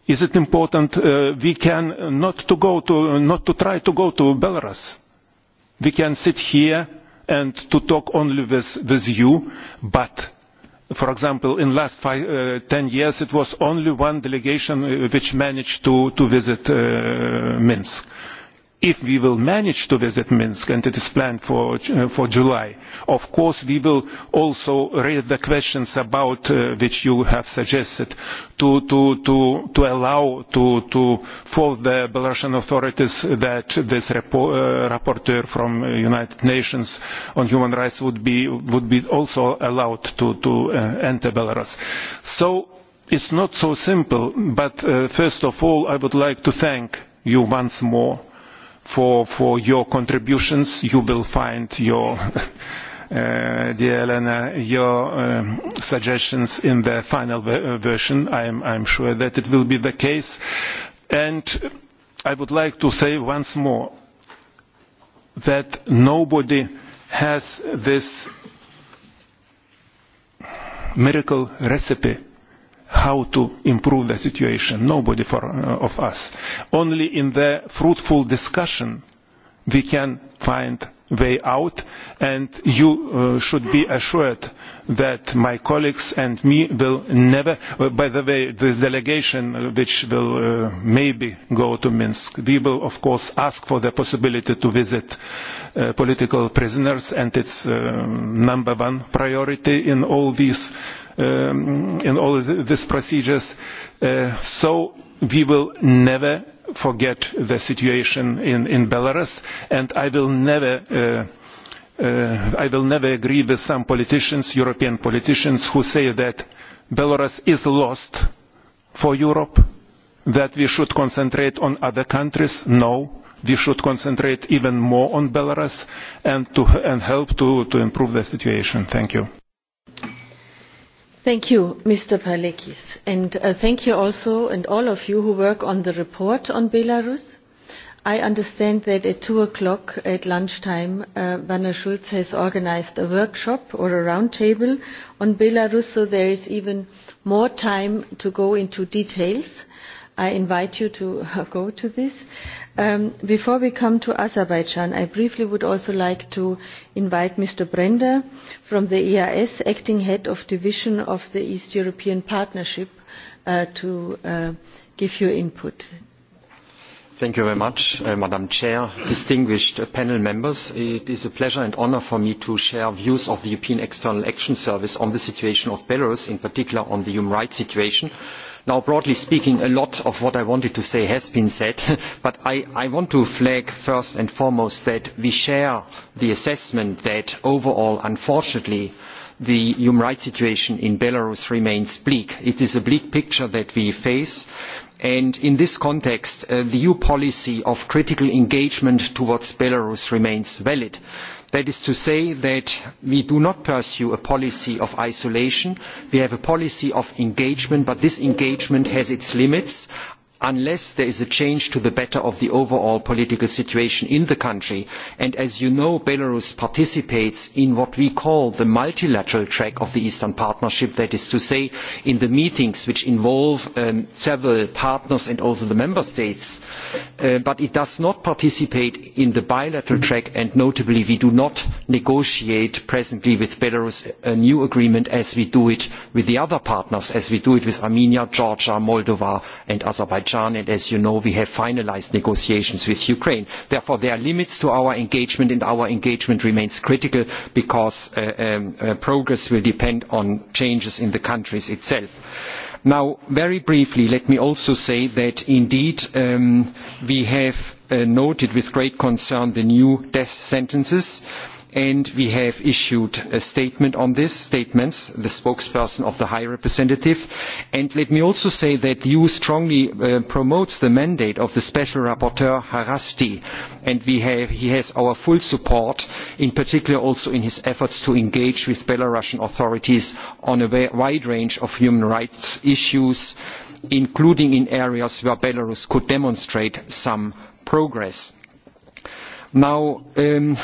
D: Is it important uh, we can not to go to, not to try to go to Belarus? We can sit here and to talk only with, with you, but for example, in the last five, uh, 10 years, it was only one delegation uh, which managed to, to visit uh, Minsk if we will manage to visit Minsk, and it is planned for, uh, for July, of course we will also raise the questions about uh, which you have suggested to, to, to, to allow to, to force the Belarusian authorities that this repo, uh, rapporteur from uh, United Nations on human rights would be, would be also allowed to, to uh, enter Belarus. So it's not so simple, but uh, first of all I would like to thank you once more for, for your contributions. You will find your, uh, dear Elena, your um, suggestions in the final ver uh, version. I'm, I'm sure that it will be the case. And I would like to say once more that nobody has this miracle recipe how to improve the situation. Nobody for, uh, of us. Only in the fruitful discussion we can find way out and you uh, should be assured that my colleagues and me will never uh, by the way this delegation uh, which will uh, maybe go to Minsk we will of course ask for the possibility to visit uh, political prisoners and it's uh, number one priority in all these uh, um, in all these procedures. Uh, so we will never forget the situation in, in Belarus, and I will never. Uh, uh, I will never agree with some politicians, European politicians, who say that Belarus is lost for Europe, that we should concentrate on other countries. No, we should concentrate even more on Belarus and to and help to, to improve the situation. Thank you.
A: Thank you, Mr. Palekis, and uh, thank you also and all of you who work on the report on Belarus. I understand that at two o'clock at lunchtime, uh, Werner Schulz has organized a workshop or a roundtable on Belarus, so there is even more time to go into details. I invite you to uh, go to this. Um, before we come to Azerbaijan, I briefly would also like to invite Mr. Brender from the EIS, Acting Head of Division of the East European Partnership, uh, to uh, give your input.
E: Thank you very much, uh, Madam Chair, distinguished uh, panel members. It is a pleasure and honor for me to share views of the European External Action Service on the situation of Belarus, in particular on the human rights situation Now, broadly speaking, a lot of what I wanted to say has been said, but I, I want to flag first and foremost that we share the assessment that overall, unfortunately, the human rights situation in Belarus remains bleak. It is a bleak picture that we face. And in this context, uh, the EU policy of critical engagement towards Belarus remains valid. That is to say that we do not pursue a policy of isolation. We have a policy of engagement, but this engagement has its limits unless there is a change to the better of the overall political situation in the country. And as you know, Belarus participates in what we call the multilateral track of the Eastern Partnership, that is to say, in the meetings which involve um, several partners and also the member states. Uh, but it does not participate in the bilateral track, and notably, we do not negotiate presently with Belarus a new agreement as we do it with the other partners, as we do it with Armenia, Georgia, Moldova, and Azerbaijan. Azerbaijan, and as you know, we have finalized negotiations with Ukraine. Therefore, there are limits to our engagement, and our engagement remains critical because uh, um, uh, progress will depend on changes in the countries itself. Now, very briefly, let me also say that indeed um, we have uh, noted with great concern the new death sentences. Uh, and we have issued a statement on this, statements, the spokesperson of the High Representative. And let me also say that the EU strongly uh, promotes the mandate of the Special Rapporteur Harasti, and we have, he has our full support, in particular also in his efforts to engage with Belarusian authorities on a wide range of human rights issues, including in areas where Belarus could demonstrate some progress. Now, um,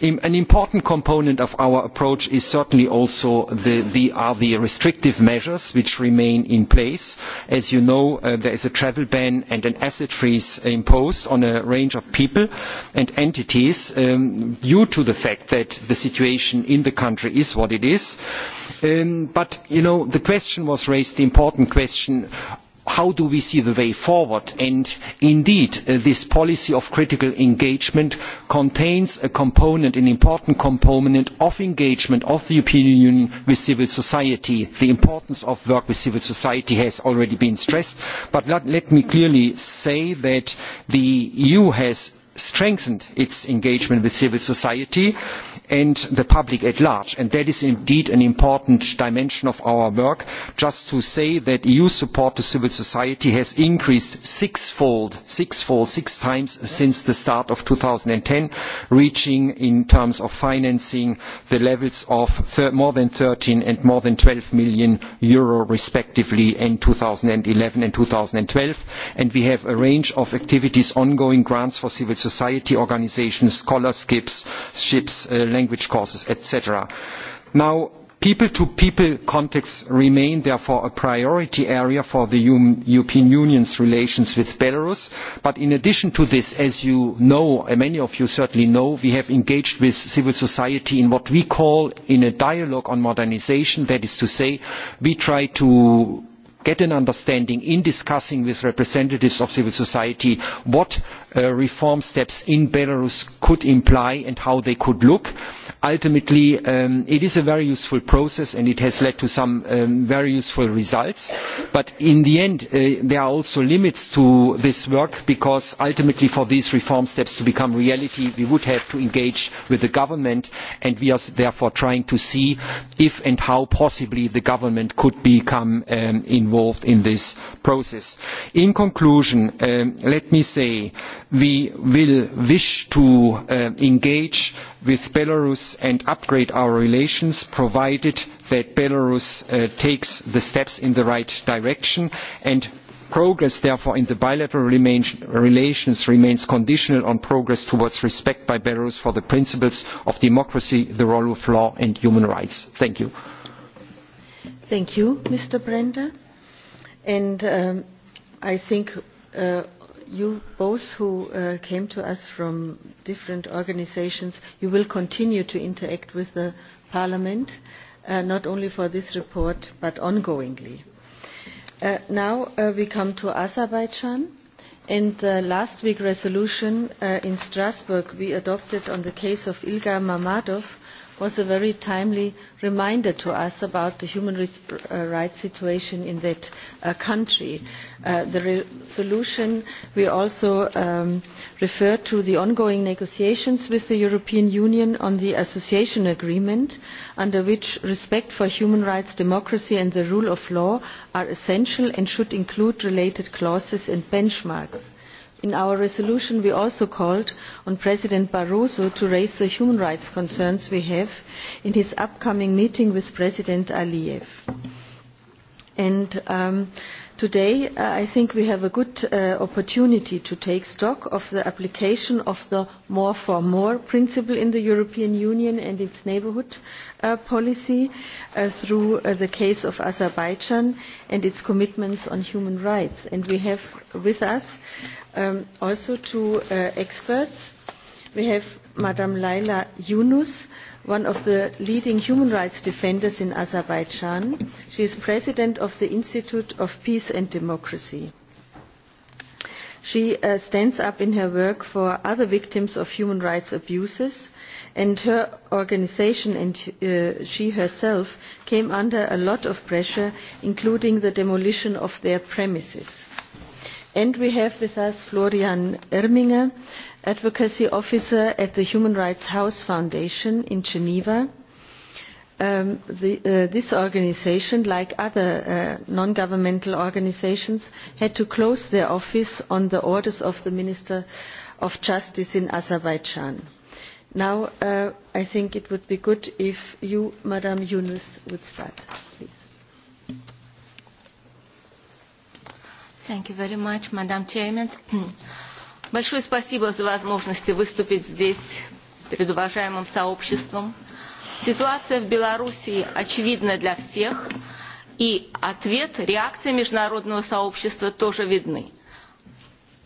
E: an important component of our approach is certainly also the, the, are the restrictive measures which remain in place. As you know, uh, there is a travel ban and an asset freeze imposed on a range of people and entities um, due to the fact that the situation in the country is what it is. Um, but, you know, the question was raised, the important question how do we see the way forward? And indeed, uh, this policy of critical engagement contains a component, an important component of engagement of the European Union with civil society. The importance of work with civil society has already been stressed, but let me clearly say that the EU has strengthened its engagement with civil society and the public at large. And that is indeed an important dimension of our work, just to say that EU support to civil society has increased sixfold, sixfold, six times since the start of 2010, reaching in terms of financing the levels of thir more than 13 and more than 12 million euro respectively in 2011 and 2012. And we have a range of activities ongoing grants for civil society society organisations, scholarships, ships, uh, language courses, etc. Now, people to people contacts remain therefore a priority area for the european union's relations with belarus but in addition to this as you know and many of you certainly know we have engaged with civil society in what we call in a dialogue on modernisation that is to say we try to get an understanding in discussing with representatives of civil society what uh, reform steps in Belarus could imply and how they could look. Uh, ultimately um, it is a very useful process and it has led to some um, very useful results but in the end uh, there are also limits to this work because ultimately for these reform steps to become reality we would have to engage with the government and we are therefore trying to see if and how possibly the government could become um, involved in this process. In conclusion, um, let me say we will wish to uh, engage with Belarus and upgrade our relations, provided that Belarus uh, takes the steps in the right direction and Progress, therefore, in the bilateral relations remains conditional on progress towards respect by Belarus for the principles of democracy, the rule of law and human rights. Thank you.
A: Thank you, Mr. Brenda. And um, I think uh, you both who uh, came to us from different organizations, you will continue to interact with the Parliament, uh, not only for this report, but ongoingly. Uh, now uh, we come to Azerbaijan. And the last week's resolution uh, in Strasbourg we adopted on the case of Ilgar Mamadov was a very timely reminder to us about the human uh, rights situation in that uh, country. Uh, the resolution we also um, refer to the ongoing negotiations with the European Union on the association agreement under which respect for human rights, democracy and the rule of law are essential and should include related clauses and benchmarks. In our resolution, we also called on President Barroso to raise the human rights concerns we have in his upcoming meeting with President Aliyev. And um, Today, uh, I think we have a good uh, opportunity to take stock of the application of the more for more principle in the European Union and its neighborhood uh, policy uh, through uh, the case of Azerbaijan and its commitments on human rights. And we have with us um, also two uh, experts. We have Madame Laila Yunus, one of the leading human rights defenders in Azerbaijan. She is president of the Institute of Peace and Democracy. She uh, stands up in her work for other victims of human rights abuses and her organization and uh, she herself came under a lot of pressure, including the demolition of their premises. And we have with us Florian Erminger, Advocacy Officer at the Human Rights House Foundation in Geneva. Um, the, uh, this organization, like other uh, non-governmental organizations, had to close their office on the orders of the Minister of Justice in Azerbaijan. Now, uh, I think it would be good if you, Madam Yunus, would start, please.
F: Thank you very much, Madam Chairman. Большое спасибо за возможность выступить здесь перед уважаемым сообществом. Ситуация в Белоруссии очевидна для всех, и ответ, реакция международного сообщества тоже видны.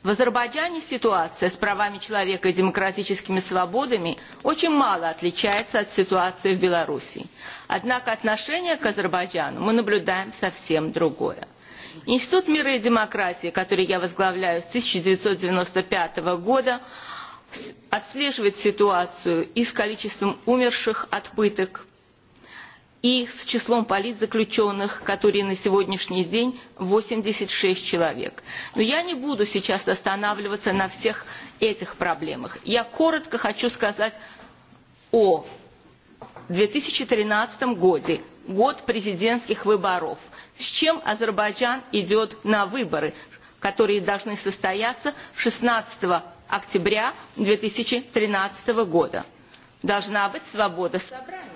F: В Азербайджане ситуация с правами человека и демократическими свободами очень мало отличается от ситуации в Беларуси. Однако отношение к Азербайджану мы наблюдаем совсем другое. Институт мира и демократии, который я возглавляю с 1995 года, отслеживает ситуацию и с количеством умерших от пыток, и с числом политзаключенных, которые на сегодняшний день 86 человек. Но я не буду сейчас останавливаться на всех этих проблемах. Я коротко хочу сказать о 2013 годе год президентских выборов. С чем Азербайджан идет на выборы, которые должны состояться 16 октября 2013 года. Должна быть свобода собрания.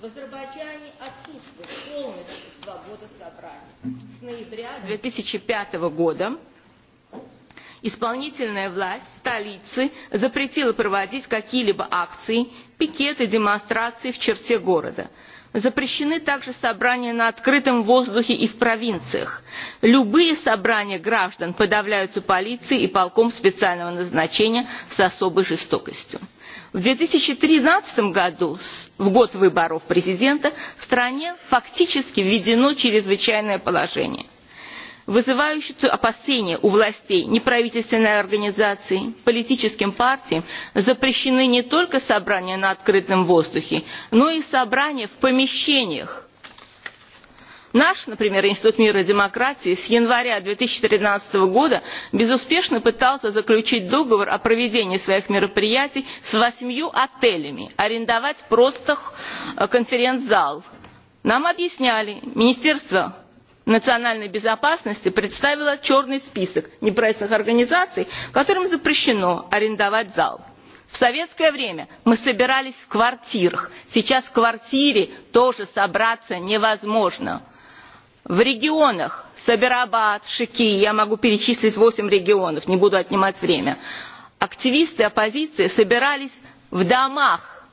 F: В Азербайджане отсутствует полностью свобода собрания. С ноября 2005 года исполнительная власть столицы запретила проводить какие-либо акции, пикеты, демонстрации в черте города – Запрещены также собрания на открытом воздухе и в провинциях. Любые собрания граждан подавляются полицией и полком специального назначения с особой жестокостью. В 2013 году, в год выборов президента, в стране фактически введено чрезвычайное положение вызывающую опасения у властей неправительственной организации, политическим партиям, запрещены не только собрания на открытом воздухе, но и собрания в помещениях. Наш, например, Институт мира и демократии с января две тысячи тринадцатого года безуспешно пытался заключить договор о проведении своих мероприятий с восемью отелями, арендовать просто э, конференц-зал. Нам объясняли, Министерство национальной безопасности представила черный список непрессных организаций, которым запрещено арендовать зал. В советское время мы собирались в квартирах. Сейчас в квартире тоже собраться невозможно. В регионах Сабирабад, Шики, я могу перечислить восемь регионов, не буду отнимать время, активисты оппозиции собирались в домах,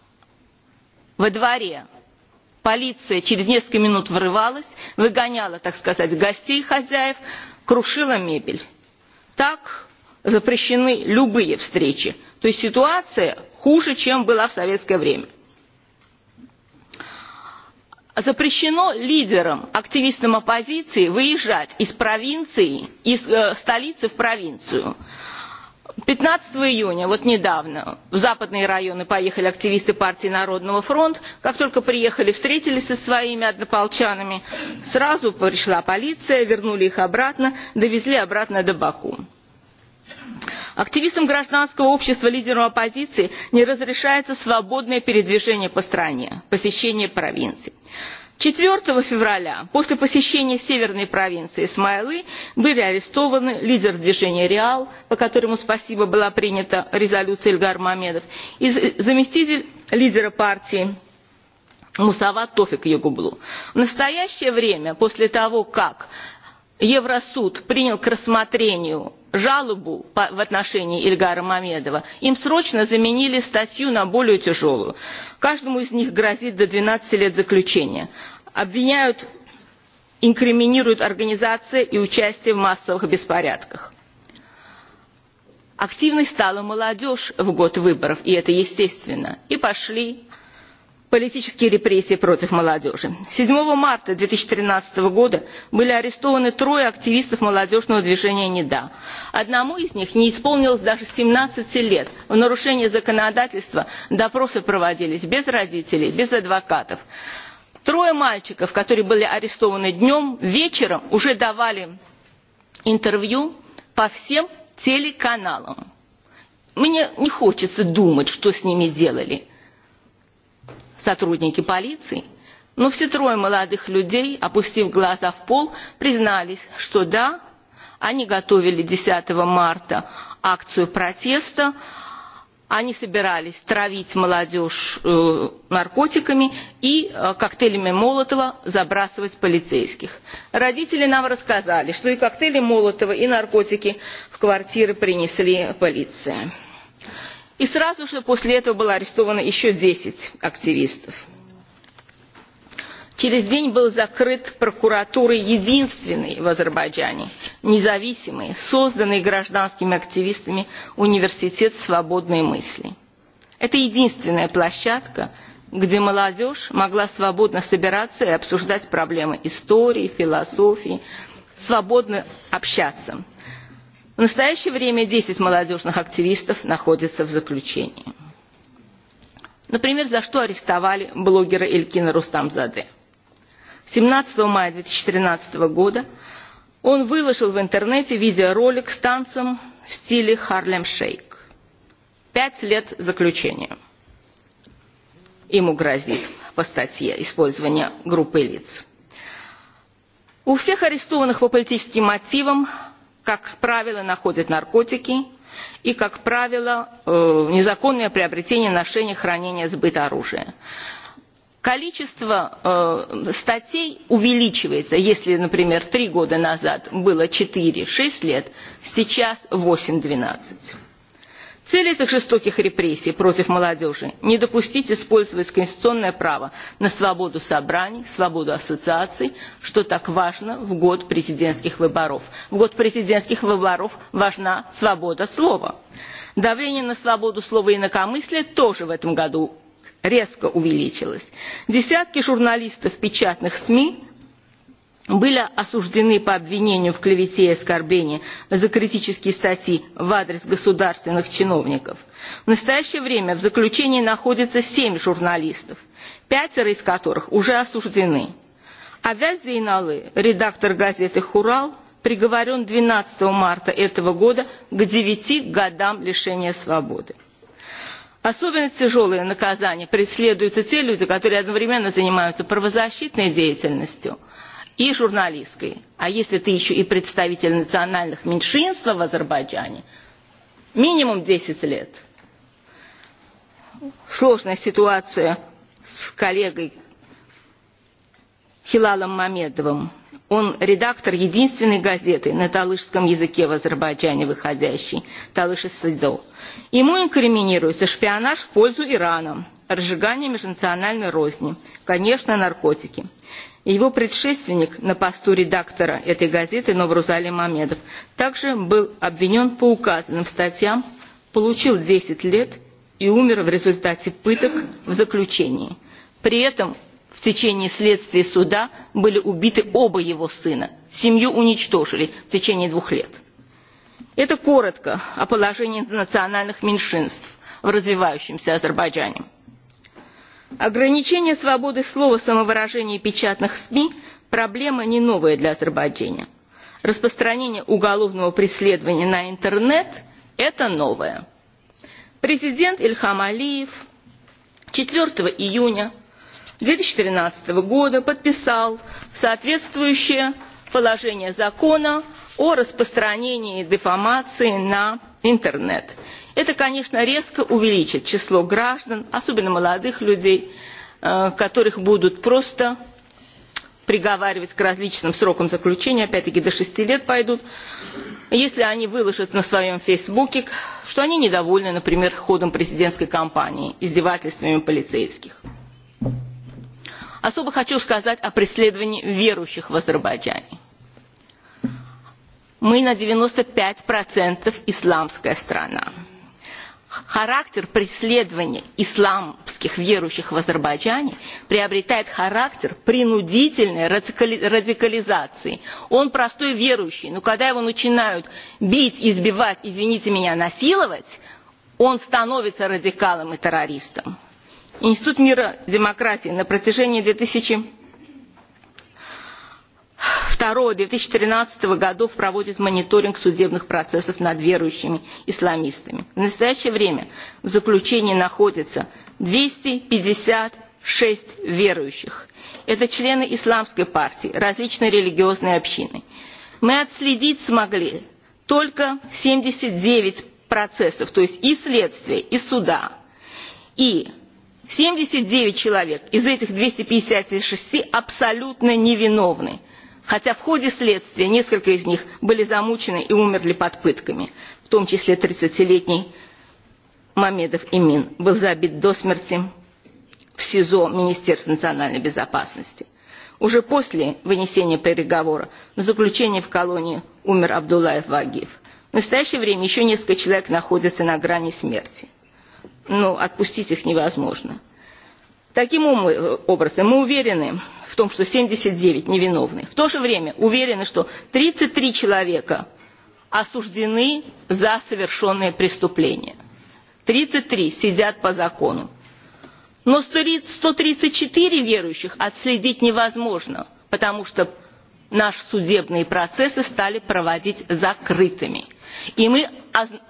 F: во дворе. Полиция через несколько минут врывалась, выгоняла, так сказать, гостей хозяев, крушила мебель. Так запрещены любые встречи. То есть ситуация хуже, чем была в советское время. Запрещено лидерам, активистам оппозиции выезжать из провинции, из э, столицы в провинцию. 15 июня, вот недавно, в западные районы поехали активисты партии Народного фронта. Как только приехали, встретились со своими однополчанами, сразу пришла полиция, вернули их обратно, довезли обратно до Баку. Активистам гражданского общества, лидерам оппозиции не разрешается свободное передвижение по стране, посещение провинций. 4 февраля после посещения северной провинции Смайлы были арестованы лидер движения «Реал», по которому, спасибо, была принята резолюция Ильгар Мамедов, и заместитель лидера партии Мусават Тофик Ягублу. В настоящее время, после того, как Евросуд принял к рассмотрению жалобу по, в отношении Ильгара Мамедова, им срочно заменили статью на более тяжелую. Каждому из них грозит до 12 лет заключения. Обвиняют, инкриминируют организации и участие в массовых беспорядках. Активной стала молодежь в год выборов, и это естественно. И пошли политические репрессии против молодежи. 7 марта 2013 года были арестованы трое активистов молодежного движения «Неда». Одному из них не исполнилось даже 17 лет. В нарушении законодательства допросы проводились без родителей, без адвокатов. Трое мальчиков, которые были арестованы днем, вечером уже давали интервью по всем телеканалам. Мне не хочется думать, что с ними делали сотрудники полиции. Но все трое молодых людей, опустив глаза в пол, признались, что да, они готовили 10 марта акцию протеста, они собирались травить молодежь э, наркотиками и э, коктейлями Молотова забрасывать полицейских. Родители нам рассказали, что и коктейли Молотова, и наркотики в квартиры принесли полиция. И сразу же после этого было арестовано еще 10 активистов. Через день был закрыт прокуратурой единственный в Азербайджане, независимый, созданный гражданскими активистами Университет свободной мысли. Это единственная площадка, где молодежь могла свободно собираться и обсуждать проблемы истории, философии, свободно общаться. В настоящее время 10 молодежных активистов находятся в заключении. Например, за что арестовали блогера Элькина Рустамзаде. 17 мая 2013 года он выложил в интернете видеоролик с танцем в стиле Харлем Шейк. Пять лет заключения. Ему грозит по статье использования группы лиц. У всех арестованных по политическим мотивам как правило, находят наркотики и, как правило, э, незаконное приобретение, ношение, хранение, сбыт оружия. Количество э, статей увеличивается. Если, например, три года назад было 4-6 лет, сейчас 8-12. Цель этих жестоких репрессий против молодежи не допустить использовать конституционное право на свободу собраний, свободу ассоциаций, что так важно в год президентских выборов. В год президентских выборов важна свобода слова. Давление на свободу слова и инакомыслия тоже в этом году резко увеличилось. Десятки журналистов печатных СМИ были осуждены по обвинению в клевете и оскорблении за критические статьи в адрес государственных чиновников. В настоящее время в заключении находится семь журналистов, пятеро из которых уже осуждены. Авяз Зейналы, редактор газеты «Хурал», приговорен 12 марта этого года к 9 годам лишения свободы. Особенно тяжелые наказания преследуются те люди, которые одновременно занимаются правозащитной деятельностью – и журналисткой, а если ты еще и представитель национальных меньшинств в Азербайджане, минимум 10 лет. Сложная ситуация с коллегой Хилалом Мамедовым. Он редактор единственной газеты на талышском языке в Азербайджане выходящей, Талыш Исайдо. Ему инкриминируется шпионаж в пользу Ирана, разжигание межнациональной розни, конечно, наркотики – Его предшественник на посту редактора этой газеты Новрузали Мамедов также был обвинен по указанным статьям, получил 10 лет и умер в результате пыток в заключении. При этом в течение следствия суда были убиты оба его сына. Семью уничтожили в течение двух лет. Это коротко о положении национальных меньшинств в развивающемся Азербайджане. Ограничение свободы слова, самовыражения и печатных СМИ – проблема не новая для Азербайджана. Распространение уголовного преследования на интернет – это новое. Президент Ильхам Алиев 4 июня 2013 года подписал соответствующее положение закона о распространении дефамации на интернет. Это, конечно, резко увеличит число граждан, особенно молодых людей, э, которых будут просто приговаривать к различным срокам заключения, опять-таки до шести лет пойдут, если они выложат на своем фейсбуке, что они недовольны, например, ходом президентской кампании, издевательствами полицейских. Особо хочу сказать о преследовании верующих в Азербайджане. Мы на 95% исламская страна характер преследования исламских верующих в Азербайджане приобретает характер принудительной радикализации. Он простой верующий, но когда его начинают бить, избивать, извините меня, насиловать, он становится радикалом и террористом. Институт мира демократии на протяжении 2000 Второе, в 2013 году проводит мониторинг судебных процессов над верующими исламистами. В настоящее время в заключении находится 256 верующих. Это члены исламской партии, различные религиозные общины. Мы отследить смогли только 79 процессов, то есть и следствия, и суда. И 79 человек из этих 256 абсолютно невиновны хотя в ходе следствия несколько из них были замучены и умерли под пытками, в том числе 30-летний Мамедов Имин был забит до смерти в СИЗО Министерства национальной безопасности. Уже после вынесения переговора на заключение в колонии умер Абдулаев Вагиев. В настоящее время еще несколько человек находятся на грани смерти. Но отпустить их невозможно. Таким образом, мы уверены в том, что 79 невиновны. В то же время уверены, что 33 человека осуждены за совершенные преступления. 33 сидят по закону. Но 134 верующих отследить невозможно, потому что наши судебные процессы стали проводить закрытыми. И мы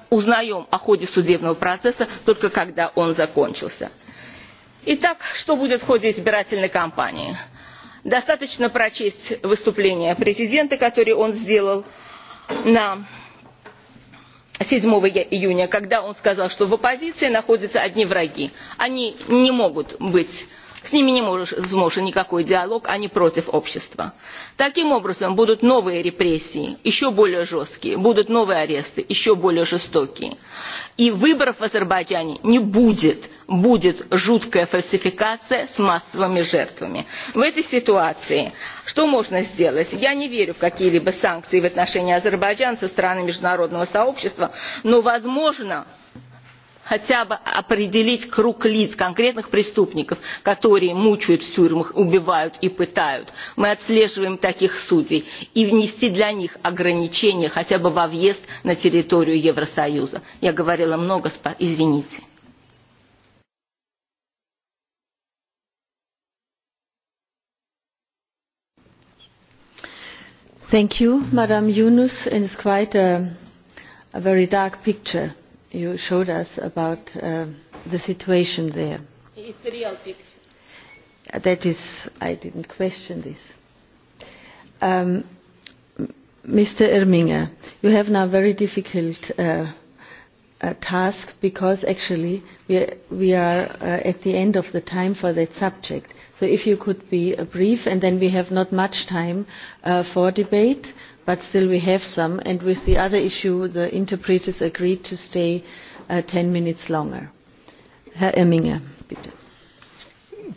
F: узнаем о ходе судебного процесса только когда он закончился. Итак, что будет в ходе избирательной кампании? Достаточно прочесть выступление президента, которое он сделал на 7 июня, когда он сказал, что в оппозиции находятся одни враги. Они не могут быть С ними не возможен никакой диалог, они против общества. Таким образом, будут новые репрессии, еще более жесткие, будут новые аресты, еще более жестокие. И выборов в Азербайджане не будет. Будет жуткая фальсификация с массовыми жертвами. В этой ситуации что можно сделать? Я не верю в какие-либо санкции в отношении Азербайджана со стороны международного сообщества, но, возможно, хотя бы определить круг лиц, конкретных преступников, которые мучают в тюрьмах, убивают и пытают. Мы отслеживаем таких судей и внести для них ограничения хотя бы во въезд на территорию Евросоюза. Я говорила много, извините.
A: Thank you, Madam Yunus. And it's quite a, a very dark picture you showed us about uh, the situation there.
F: It's a real picture.
A: Uh, that is, I didn't question this. Um, Mr. Erminger, you have now a very difficult uh, uh, task because actually we are, we are uh, at the end of the time for that subject. So if you could be uh, brief and then we have not much time uh, for debate but still we have some. And with the other issue, the interpreters agreed to stay uh, 10 minutes longer. Herr Emminger, bitte.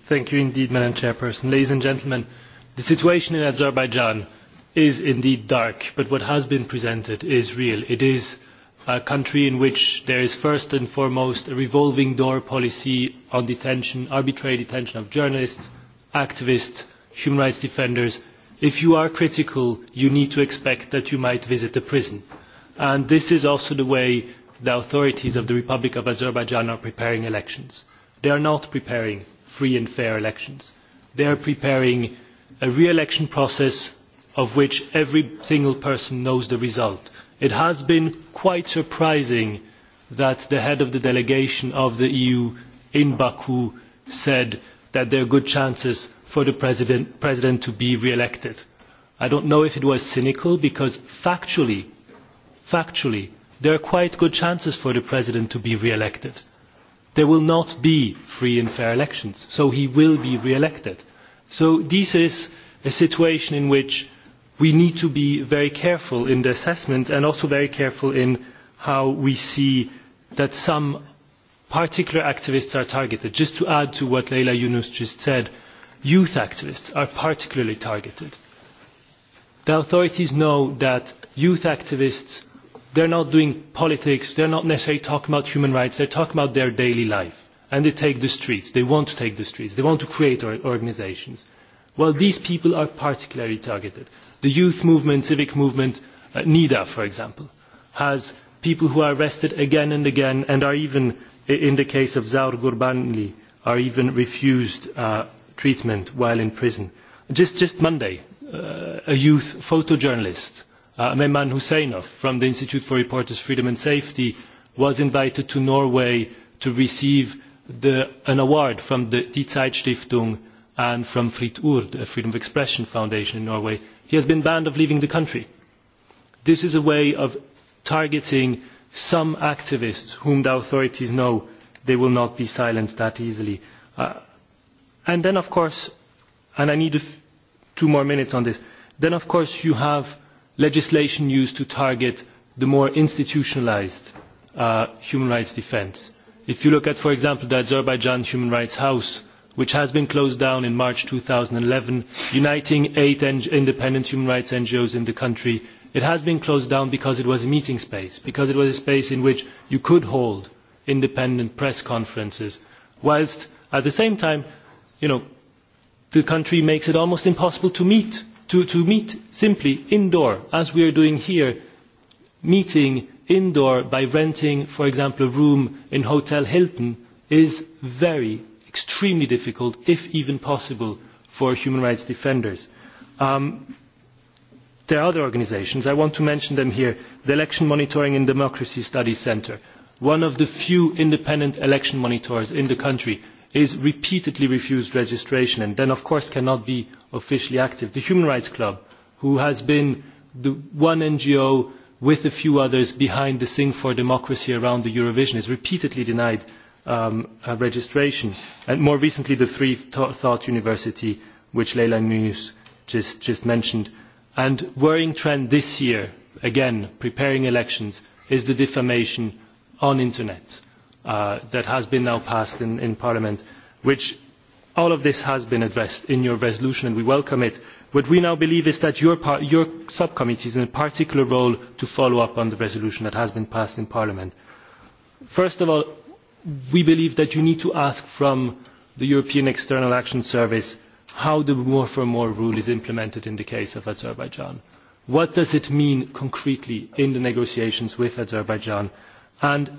G: Thank you indeed, Madam Chairperson. Ladies and gentlemen, the situation in Azerbaijan is indeed dark, but what has been presented is real. It is a country in which there is first and foremost a revolving door policy on detention, arbitrary detention of journalists, activists, human rights defenders, If you are critical, you need to expect that you might visit a prison. And this is also the way the authorities of the Republic of Azerbaijan are preparing elections. They are not preparing free and fair elections. They are preparing a re-election process of which every single person knows the result. It has been quite surprising that the head of the delegation of the EU in Baku said that there are good chances for the president, president to be re-elected. I don't know if it was cynical because factually, factually, there are quite good chances for the president to be re-elected. There will not be free and fair elections, so he will be re-elected. So this is a situation in which we need to be very careful in the assessment and also very careful in how we see that some particular activists are targeted. Just to add to what Leila Yunus just said, youth activists are particularly targeted. The authorities know that youth activists, they're not doing politics, they're not necessarily talking about human rights, they're talking about their daily life. And they take the streets, they want to take the streets, they want to create organizations. Well, these people are particularly targeted. The youth movement, civic movement, uh, NIDA, for example, has people who are arrested again and again and are even, in the case of Zaur Gurbanli, are even refused uh, treatment while in prison. Just, just Monday, uh, a youth photojournalist, uh, Mehman Husseinov from the Institute for Reporters Freedom and Safety, was invited to Norway to receive the, an award from the Die Zeitstiftung and from Frit Urd, a Freedom of Expression Foundation in Norway. He has been banned of leaving the country. This is a way of targeting some activists whom the authorities know they will not be silenced that easily. Uh, And then, of course, and I need a two more minutes on this, then, of course, you have legislation used to target the more institutionalized uh, human rights defense. If you look at, for example, the Azerbaijan Human Rights House, which has been closed down in March 2011, uniting eight independent human rights NGOs in the country, it has been closed down because it was a meeting space, because it was a space in which you could hold independent press conferences, whilst at the same time you know, the country makes it almost impossible to meet, to, to meet simply indoor, as we are doing here, meeting indoor by renting, for example, a room in Hotel Hilton is very, extremely difficult, if even possible, for human rights defenders. Um, there are other organizations. I want to mention them here. The Election Monitoring and Democracy Studies Center, one of the few independent election monitors in the country is repeatedly refused registration and then of course cannot be officially active. The Human Rights Club, who has been the one NGO with a few others behind the Sing for Democracy around the Eurovision, is repeatedly denied um, uh, registration. And more recently the Free Thought University, which Leila Muniz just, just mentioned. And worrying trend this year, again, preparing elections, is the defamation on internet Uh, that has been now passed in, in Parliament, which all of this has been addressed in your resolution and we welcome it. What we now believe is that your, par your subcommittee is in a particular role to follow up on the resolution that has been passed in Parliament. First of all, we believe that you need to ask from the European External Action Service how the more for more rule is implemented in the case of Azerbaijan. What does it mean concretely in the negotiations with Azerbaijan? And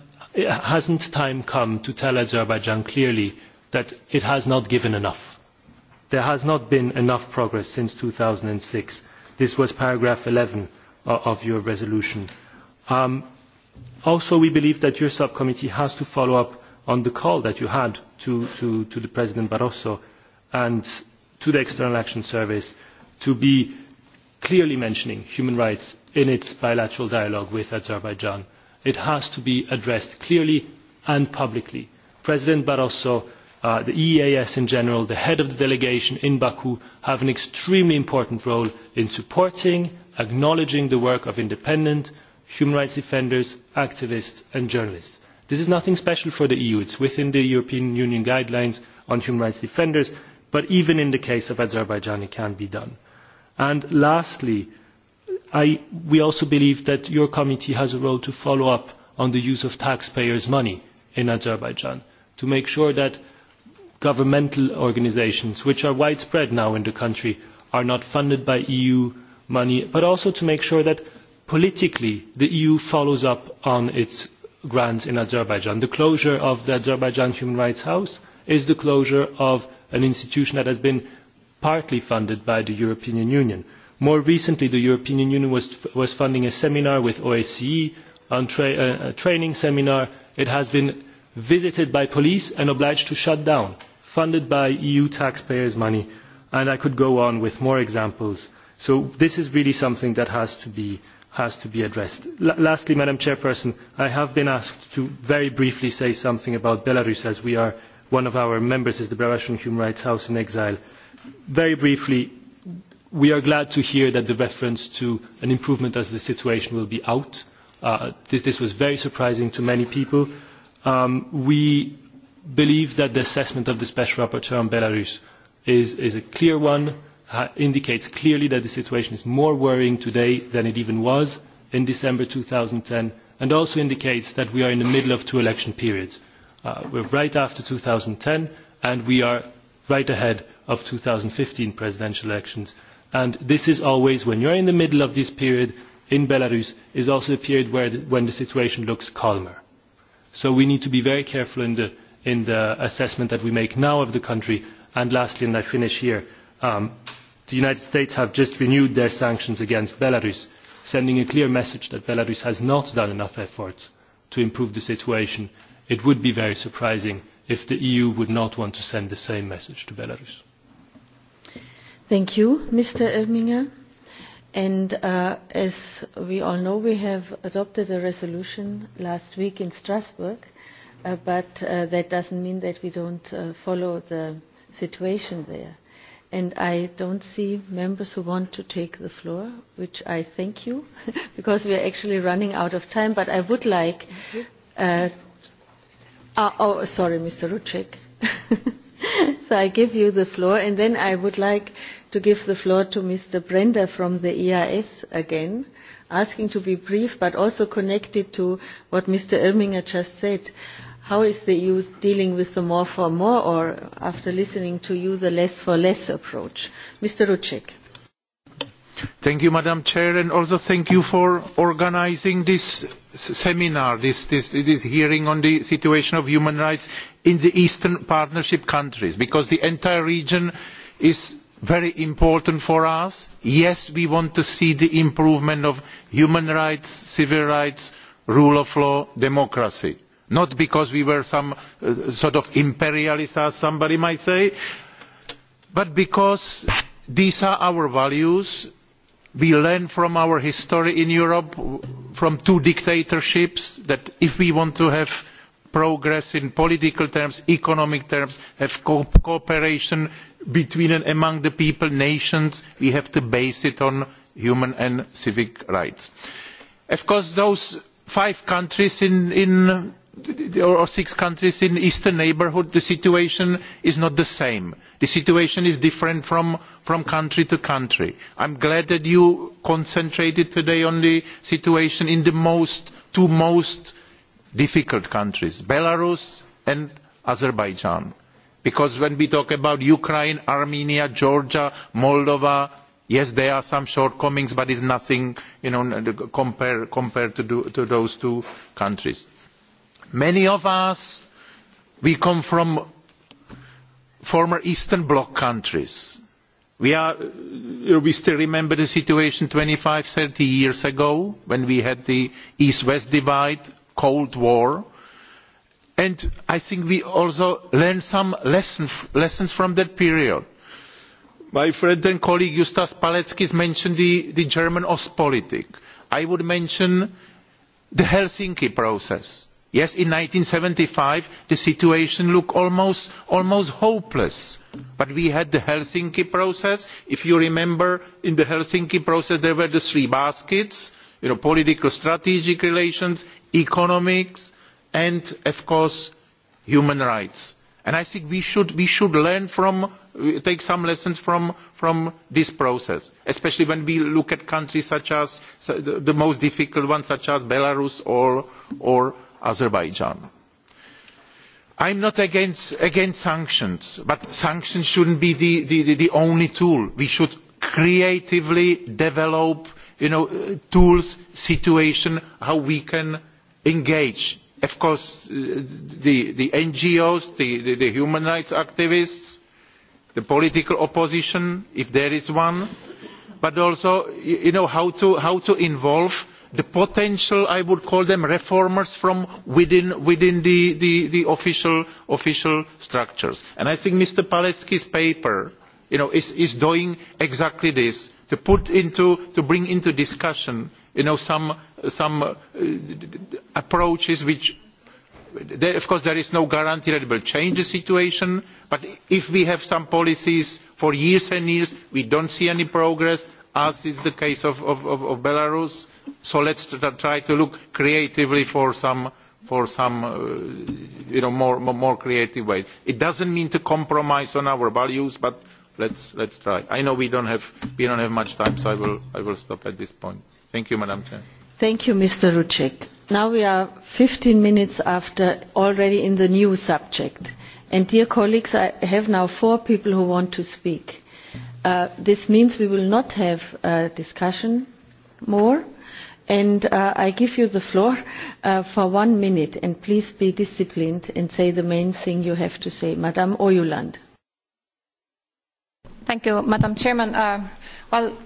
G: hasn't time come to tell Azerbaijan clearly that it has not given enough? There has not been enough progress since 2006. This was paragraph 11 of your resolution. Um, also, we believe that your subcommittee has to follow up on the call that you had to, to, to the President Barroso and to the External Action Service to be clearly mentioning human rights in its bilateral dialogue with Azerbaijan It has to be addressed clearly and publicly. President Barroso, uh, the EAS in general, the head of the delegation in Baku have an extremely important role in supporting, acknowledging the work of independent human rights defenders, activists and journalists. This is nothing special for the EU. It's within the European Union guidelines on human rights defenders, but even in the case of Azerbaijan it can be done. And lastly, I, we also believe that your committee has a role to follow up on the use of taxpayers' money in Azerbaijan to make sure that governmental organizations, which are widespread now in the country, are not funded by EU money, but also to make sure that politically the EU follows up on its grants in Azerbaijan. The closure of the Azerbaijan Human Rights House is the closure of an institution that has been partly funded by the European Union. More recently, the European Union was, was funding a seminar with OSCE, on tra uh, a training seminar. It has been visited by police and obliged to shut down, funded by EU taxpayers' money. And I could go on with more examples. So this is really something that has to be, has to be addressed. L lastly, Madam Chairperson, I have been asked to very briefly say something about Belarus, as we are, one of our members is the Belarusian Human Rights House in Exile. Very briefly, we are glad to hear that the reference to an improvement as the situation will be out. Uh, this, this was very surprising to many people. Um, we believe that the assessment of the Special Rapporteur on Belarus is, is a clear one, uh, indicates clearly that the situation is more worrying today than it even was in December 2010, and also indicates that we are in the middle of two election periods. Uh, we're right after 2010, and we are right ahead of 2015 presidential elections And this is always, when you're in the middle of this period in Belarus, is also a period where the, when the situation looks calmer. So we need to be very careful in the, in the assessment that we make now of the country. And lastly, and I finish here, um, the United States have just renewed their sanctions against Belarus, sending a clear message that Belarus has not done enough efforts to improve the situation. It would be very surprising if the EU would not want to send the same message to Belarus.
A: Thank you, Mr. Erminger. And uh, as we all know, we have adopted a resolution last week in Strasbourg, uh, but uh, that doesn't mean that we don't uh, follow the situation there. And I don't see members who want to take the floor, which I thank you, because we are actually running out of time, but I would like... Uh, uh, oh, sorry, Mr. Rucek. so I give you the floor, and then I would like to give the floor to Mr. Brenda from the EIS again, asking to be brief but also connected to what Mr. Erminger just said. How is the EU dealing with the more for more or, after listening to you, the less for less approach? Mr. Rucek.
H: Thank you, Madam Chair, and also thank you for organizing this seminar, this, this, this hearing on the situation of human rights in the Eastern Partnership countries, because the entire region is very important for us. Yes, we want to see the improvement of human rights, civil rights, rule of law, democracy. Not because we were some uh, sort of imperialist, as somebody might say, but because these are our values. We learn from our history in Europe, from two dictatorships, that if we want to have progress in political terms, economic terms, have co cooperation between and among the people, nations, we have to base it on human and civic rights. Of course, those five countries in, in or six countries in the eastern neighbourhood, the situation is not the same. The situation is different from, from country to country. I am glad that you concentrated today on the situation in the most, two most difficult countries, Belarus and Azerbaijan. Because when we talk about Ukraine, Armenia, Georgia, Moldova, yes, there are some shortcomings, but it's nothing you know, compared, compare to, to those two countries. Many of us, we come from former Eastern Bloc countries. We, are, uh, we still remember the situation twenty five, thirty years ago when we had the East-West divide, Cold War, and I think we also learned some lessons, lessons from that period. My friend and colleague Justas Paleckis mentioned the, the German Ostpolitik. I would mention the Helsinki process. Yes, in 1975 the situation looked almost, almost hopeless, but we had the Helsinki process. If you remember, in the Helsinki process there were the three baskets, you know, political strategic relations, economics, and of course human rights. And I think we should, we should learn from, take some lessons from, from this process, especially when we look at countries such as the most difficult ones, such as Belarus or, or Azerbaijan. I am not against, against sanctions, but sanctions shouldn't be the, the, the only tool. We should creatively develop you know, tools, situation, how we can engage of course, uh, the, the NGOs, the, the, the human rights activists, the political opposition, if there is one, but also, you know, how to, how to involve the potential, I would call them reformers from within, within the, the, the official, official structures. And I think Mr. Paleski's paper you know, is, is doing exactly this, to put into, to bring into discussion, you know, some, some uh, approaches which, there, of course, there is no guarantee that it will change the situation, but if we have some policies for years and years, we don't see any progress, as is the case of, of, of, of Belarus, so let's try to look creatively for some, for some uh, you know, more, more creative ways. It doesn't mean to compromise on our values, but let's, let's try. I know we don't, have, we don't have much time, so I will, I will stop at this point. Thank you, Madam Chair.
A: Thank you, Mr. Rucek. Now we are 15 minutes after already in the new subject. And dear colleagues, I have now four people who want to speak. Uh, this means we will not have a discussion more. And uh, I give you the floor uh, for one minute. And please be disciplined and say the main thing you have to say. Madame Oyuland.
I: Thank you, Madam Chairman. Uh, well,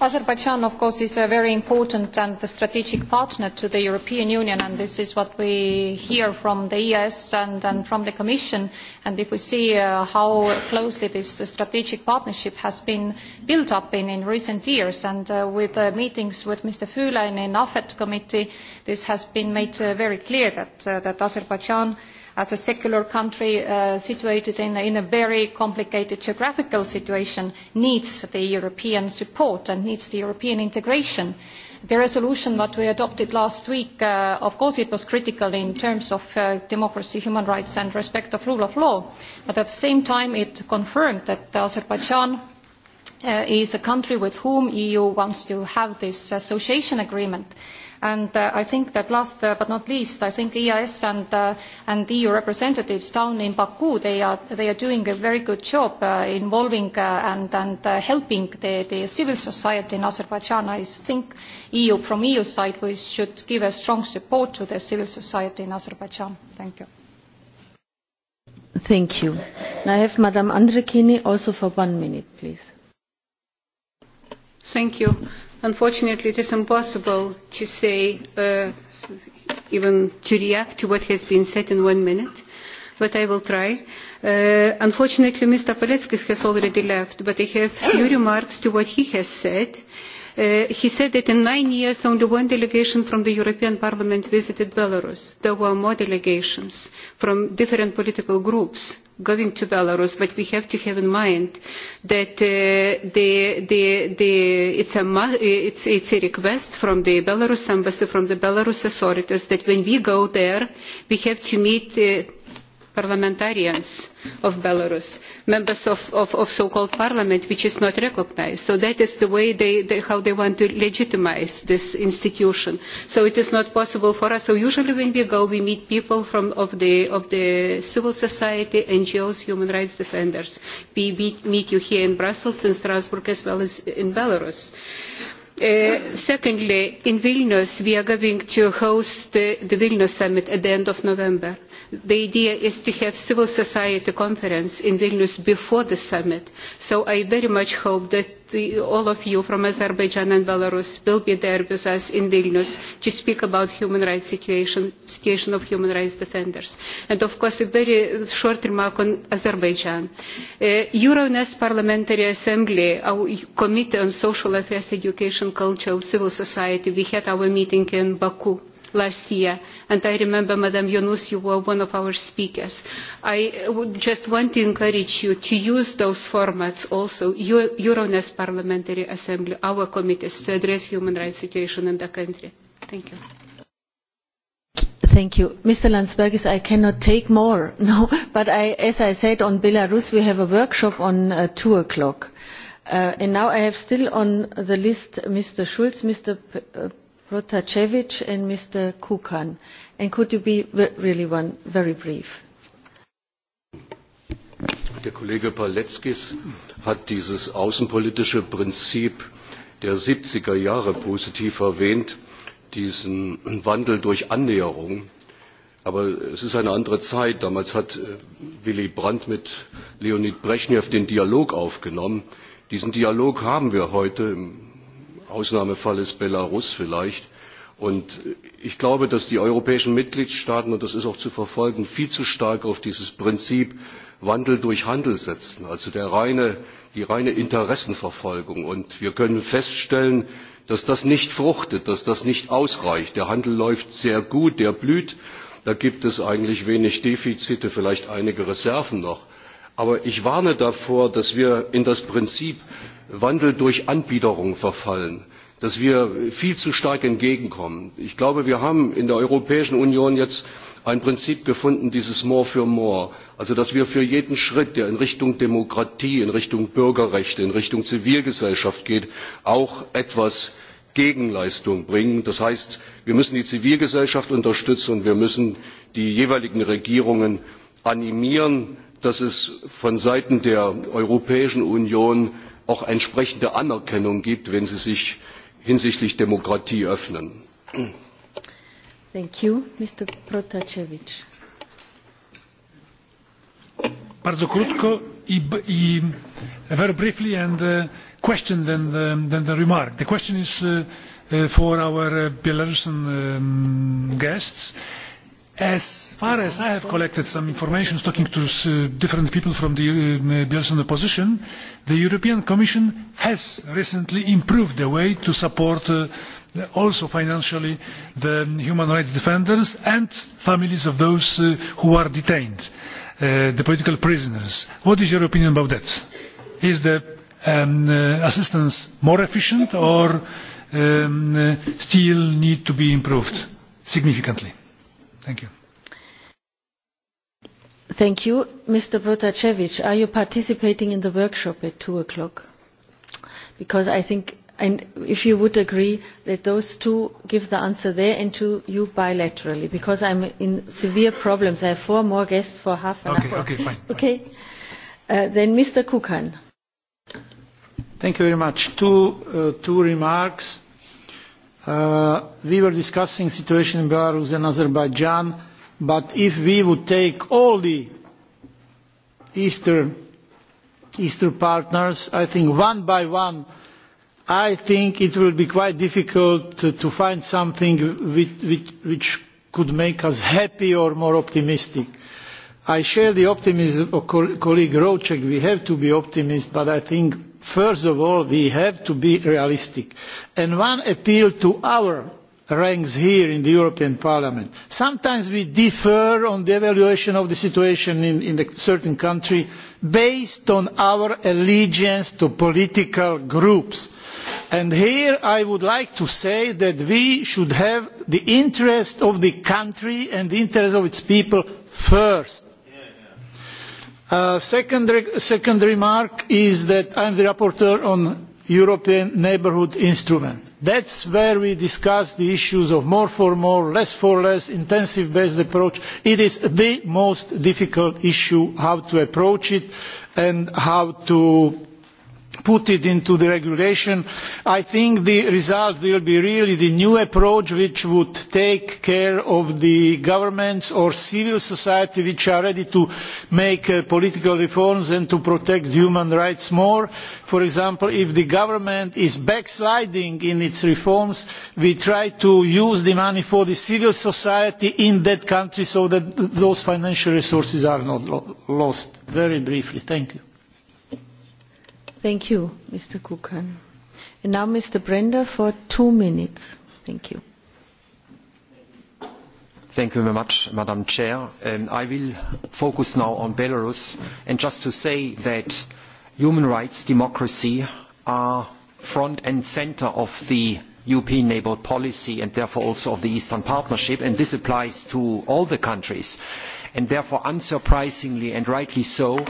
I: Azerbaijan, of course, is a very important and strategic partner to the European Union, and this is what we hear from the ES and, and from the Commission. And if we see uh, how closely this strategic partnership has been built up in, in recent years, and uh, with uh, meetings with Mr. Fula in the AFET committee, this has been made uh, very clear that, uh, that Azerbaijan – as a secular country uh, situated in, in a very complicated geographical situation needs the European support and needs the European integration. The resolution that we adopted last week, uh, of course it was critical in terms of uh, democracy, human rights and respect of rule of law, but at the same time it confirmed that Azerbaijan uh, is a country with whom the EU wants to have this association agreement. And uh, I think that last uh, but not least, I think EIS and, uh, and EU representatives down in Baku, they are, they are doing a very good job uh, involving uh, and, and uh, helping the, the civil society in Azerbaijan. I think EU, from EU side, we should give a strong support to the civil society in Azerbaijan. Thank you.
A: Thank you. Now I have Madam Andrekini also for one minute, please.
J: Thank you. Unfortunately, it is impossible to say, uh, even to react to what has been said in one minute, but I will try. Uh, unfortunately, Mr. Paletskis has already left, but I have few remarks to what he has said Uh, he said that in nine years only one delegation from the European Parliament visited Belarus. There were more delegations from different political groups going to Belarus, but we have to have in mind that uh, the, the, the, it's, a, it's, it's a request from the Belarus embassy, from the Belarus authorities, that when we go there, we have to meet uh, parliamentarians of Belarus, members of, of, of so-called parliament which is not recognized. So that is the way they, they, how they want to legitimize this institution. So it is not possible for us. So usually when we go, we meet people from, of, the, of the civil society, NGOs, human rights defenders. We meet, meet you here in Brussels, in Strasbourg, as well as in Belarus. Uh, secondly, in Vilnius, we are going to host the, the Vilnius summit at the end of November the idea is to have civil society conference in Vilnius before the summit. So I very much hope that the, all of you from Azerbaijan and Belarus will be there with us in Vilnius to speak about human rights situation, situation of human rights defenders. And of course, a very short remark on Azerbaijan. Uh, Euronest Parliamentary Assembly, our Committee on Social Affairs, Education, Culture, Civil Society, we had our meeting in Baku last year. And I remember, Madam Yunus, you were one of our speakers. I would just want to encourage you to use those formats also, your Euronest Parliamentary Assembly, our committees, to address human rights situation in the country. Thank you.
A: Thank you. Mr. Landsbergis, I cannot take more, no, but I, as I said, on Belarus, we have a workshop on uh, 2 o'clock. Uh, and now I have still on the list Mr. Schulz, Mr. P uh, Rotacevic and Mr. Kukan. And could you be really one very brief?
K: Der Kollege Paletskis hat dieses außenpolitische Prinzip der 70er Jahre positiv erwähnt, diesen Wandel durch Annäherung. Aber es ist eine andere Zeit. Damals hat äh, Willy Brandt mit Leonid Brezhnev den Dialog aufgenommen. Diesen Dialog haben wir heute im Ausnahmefall ist Belarus vielleicht. Und ich glaube, dass die europäischen Mitgliedstaaten, und das ist auch zu verfolgen, viel zu stark auf dieses Prinzip Wandel durch Handel setzen, also der reine, die reine Interessenverfolgung. Und wir können feststellen, dass das nicht fruchtet, dass das nicht ausreicht. Der Handel läuft sehr gut, der blüht. Da gibt es eigentlich wenig Defizite, vielleicht einige Reserven noch. Aber ich warne davor, dass wir in das Prinzip Wandel durch Anbiederung verfallen, dass wir viel zu stark entgegenkommen. Ich glaube, wir haben in der Europäischen Union jetzt ein Prinzip gefunden, dieses More for More. Also, dass wir für jeden Schritt, der in Richtung Demokratie, in Richtung Bürgerrechte, in Richtung Zivilgesellschaft geht, auch etwas Gegenleistung bringen. Das heißt, wir müssen die Zivilgesellschaft unterstützen und wir müssen die jeweiligen Regierungen animieren, dass es von Seiten der Europäischen Union auch entsprechende Anerkennung gibt, wenn sie sich hinsichtlich Demokratie öffnen.
A: Thank you, Mr. Protasiewicz.
K: Bardzo krótko i,
D: i very briefly and uh, question then the, then the remark. The question is uh, uh, for our uh, Belarusian um, guests. Uh, As far as I have collected some information talking to uh, different people from the uh, uh Belarusian opposition, the European Commission has recently improved the way to support uh, also financially the human rights defenders and families of those uh, who are detained, uh, the political prisoners. What is your opinion about that? Is the um, uh, assistance more efficient or um, uh, still need to be improved significantly? Thank you.
A: Thank you. Mr. Protasevich, are you participating in the workshop at 2 o'clock? Because I think, and if you would agree, that those two give the answer there and to you bilaterally, because I'm in severe problems. I have four more guests for half an okay, hour. Okay, fine. Okay. Fine. Uh, then Mr. Kukan.
L: Thank you very much. Two, uh, two remarks. Uh, we were discussing situation in Belarus and Azerbaijan, but if we would take all the Eastern, Eastern partners, I think one by one, I think it will be quite difficult to, to find something which, which, which could make us happy or more optimistic. I share the optimism of co colleague Rocek. We have to be optimists, but I think First of all, we have to be realistic. And one appeal to our ranks here in the European Parliament. Sometimes we differ on the evaluation of the situation in, in a certain country based on our allegiance to political groups. And here I would like to say that we should have the interest of the country and the interest of its people first Uh, second, re second remark is that I'm the rapporteur on European Neighbourhood Instrument. That's where we discuss the issues of more for more, less for less, intensive based approach. It is the most difficult issue how to approach it and how to put it into the regulation, I think the result will be really the new approach which would take care of the governments or civil society which are ready to make uh, political reforms and to protect human rights more. For example, if the government is backsliding in its reforms, we try to use the money for the civil society in that country so that those financial resources are not lo lost. Very briefly, thank you.
A: Thank you, Mr. Kukan. And now Mr. Brenda for two minutes. Thank you.
E: Thank you very much, Madam Chair. Um, I will focus now on Belarus and just to say that human rights, democracy are front and center of the European neighbourhood policy and therefore also of the Eastern Partnership and this applies to all the countries and therefore unsurprisingly and rightly so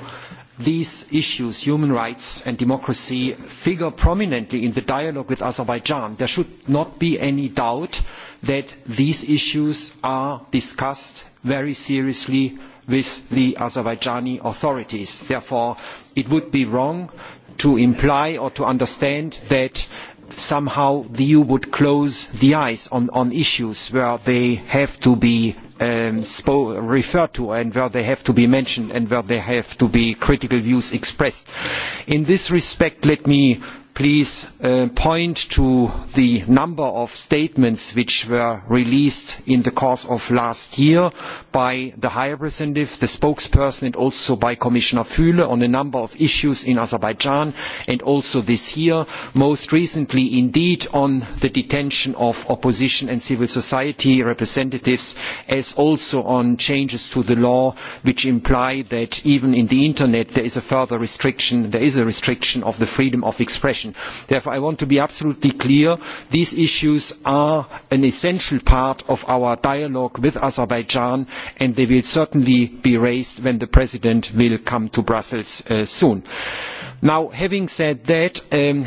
E: these issues, human rights and democracy, figure prominently in the dialogue with Azerbaijan. There should not be any doubt that these issues are discussed very seriously with the Azerbaijani authorities. Therefore, it would be wrong to imply or to understand that somehow the EU would close the eyes on, on issues where they have to be um, referred to and where they have to be mentioned and where they have to be critical views expressed. In this respect, let me please uh, point to the number of statements which were released in the course of last year by the High Representative, the spokesperson and also by Commissioner Füle on a number of issues in Azerbaijan and also this year, most recently indeed on the detention of opposition and civil society representatives as also on changes to the law which imply that even in the internet there is a further restriction, there is a restriction of the freedom of expression legislation. Therefore, I want to be absolutely clear, these issues are an essential part of our dialogue with Azerbaijan and they will certainly be raised when the President will come to Brussels uh, soon. Now, having said that, um,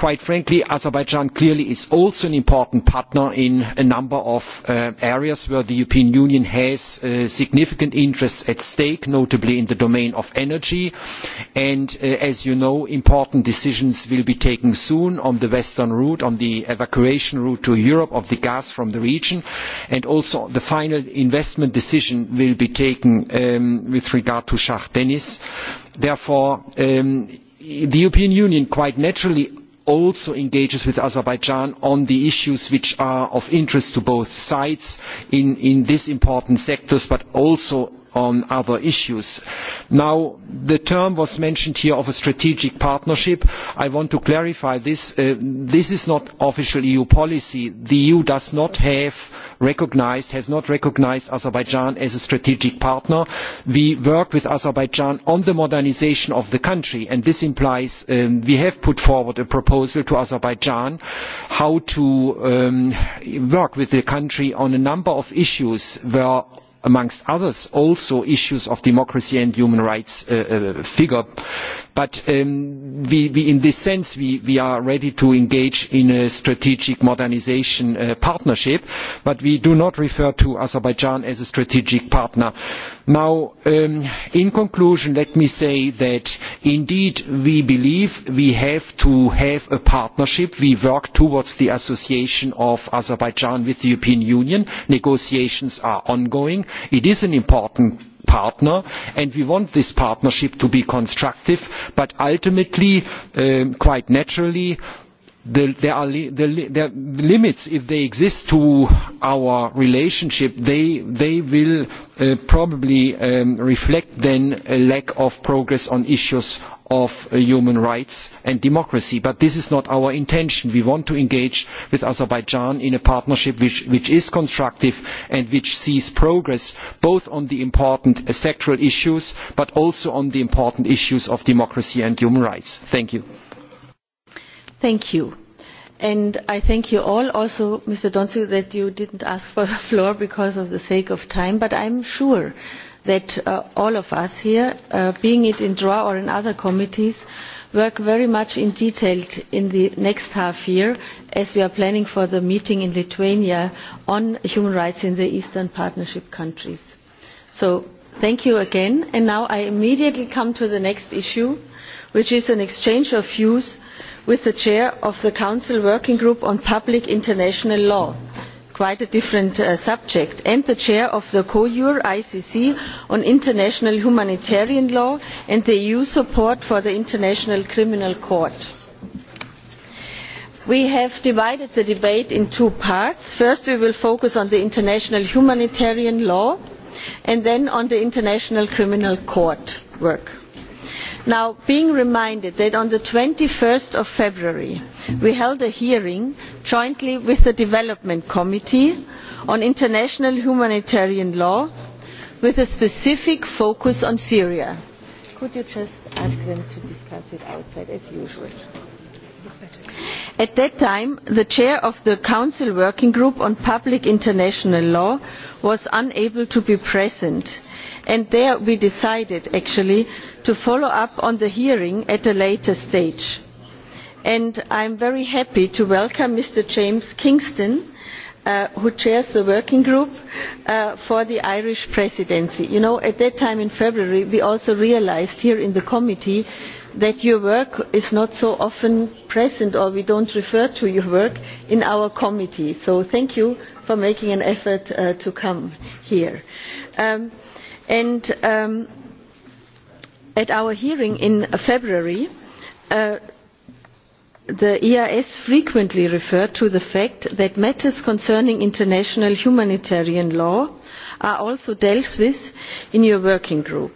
E: quite frankly, Azerbaijan clearly is also an important partner in a number of uh, areas where the European Union has uh, significant interests at stake, notably in the domain of energy. And uh, as you know, important decisions will be taken soon on the western route, on the evacuation route to Europe of the gas from the region. And also the final investment decision will be taken um, with regard to Shah Denis. Therefore, um, the European Union quite naturally also engages with Azerbaijan on the issues which are of interest to both sides in, in these important sectors, but also on other issues. Now, the term was mentioned here of a strategic partnership. I want to clarify this. Uh, this is not official EU policy. The EU does not have recognized, has not recognized Azerbaijan as a strategic partner. We work with Azerbaijan on the modernization of the country, and this implies um, we have put forward a proposal to Azerbaijan how to um, work with the country on a number of issues where amongst others also issues of democracy and human rights uh, uh, figure But um, we, we, in this sense, we, we are ready to engage in a strategic modernization uh, partnership, but we do not refer to Azerbaijan as a strategic partner. Now, um, in conclusion, let me say that indeed we believe we have to have a partnership. We work towards the association of Azerbaijan with the European Union. Negotiations are ongoing. It is an important partner and we want this partnership to be constructive but ultimately um, quite naturally the, there are li the, li the limits if they exist to our relationship they they will uh, probably um, reflect then a lack of progress on issues of uh, human rights and democracy. But this is not our intention. We want to engage with Azerbaijan in a partnership which, which is constructive and which sees progress both on the important uh, sectoral issues but also on the important issues of democracy and human rights. Thank you.
A: Thank you. And I thank you all, also Mr. Donsil, that you didn't ask for the floor because of the sake of time, but I'm sure that uh, all of us here, uh, being it in DRA or in other committees, work very much in detail in the next half year as we are planning for the meeting in Lithuania on human rights in the Eastern Partnership countries. So thank you again and now I immediately come to the next issue which is an exchange of views with the chair of the Council Working Group on Public International Law quite a different uh, subject, and the chair of the COUR ICC on international humanitarian law and the EU support for the International Criminal Court. We have divided the debate in two parts. First, we will focus on the international humanitarian law and then on the International Criminal Court work. Now, being reminded that on the 21st of February, we held a hearing jointly with the Development Committee on international humanitarian law with a specific focus on Syria. Could you just ask them to discuss it outside as usual? At that time, the chair of the Council Working Group on Public International Law was unable to be present and there we decided actually to follow up on the hearing at a later stage. I am very happy to welcome Mr. James Kingston, uh, who chairs the working group uh, for the Irish presidency. You know, at that time in February, we also realised here in the committee that your work is not so often present or we don't refer to your work in our committee. So thank you for making an effort uh, to come here. Um, And um, at our hearing in February, uh, the EIS frequently referred to the fact that matters concerning international humanitarian law are also dealt with in your working group.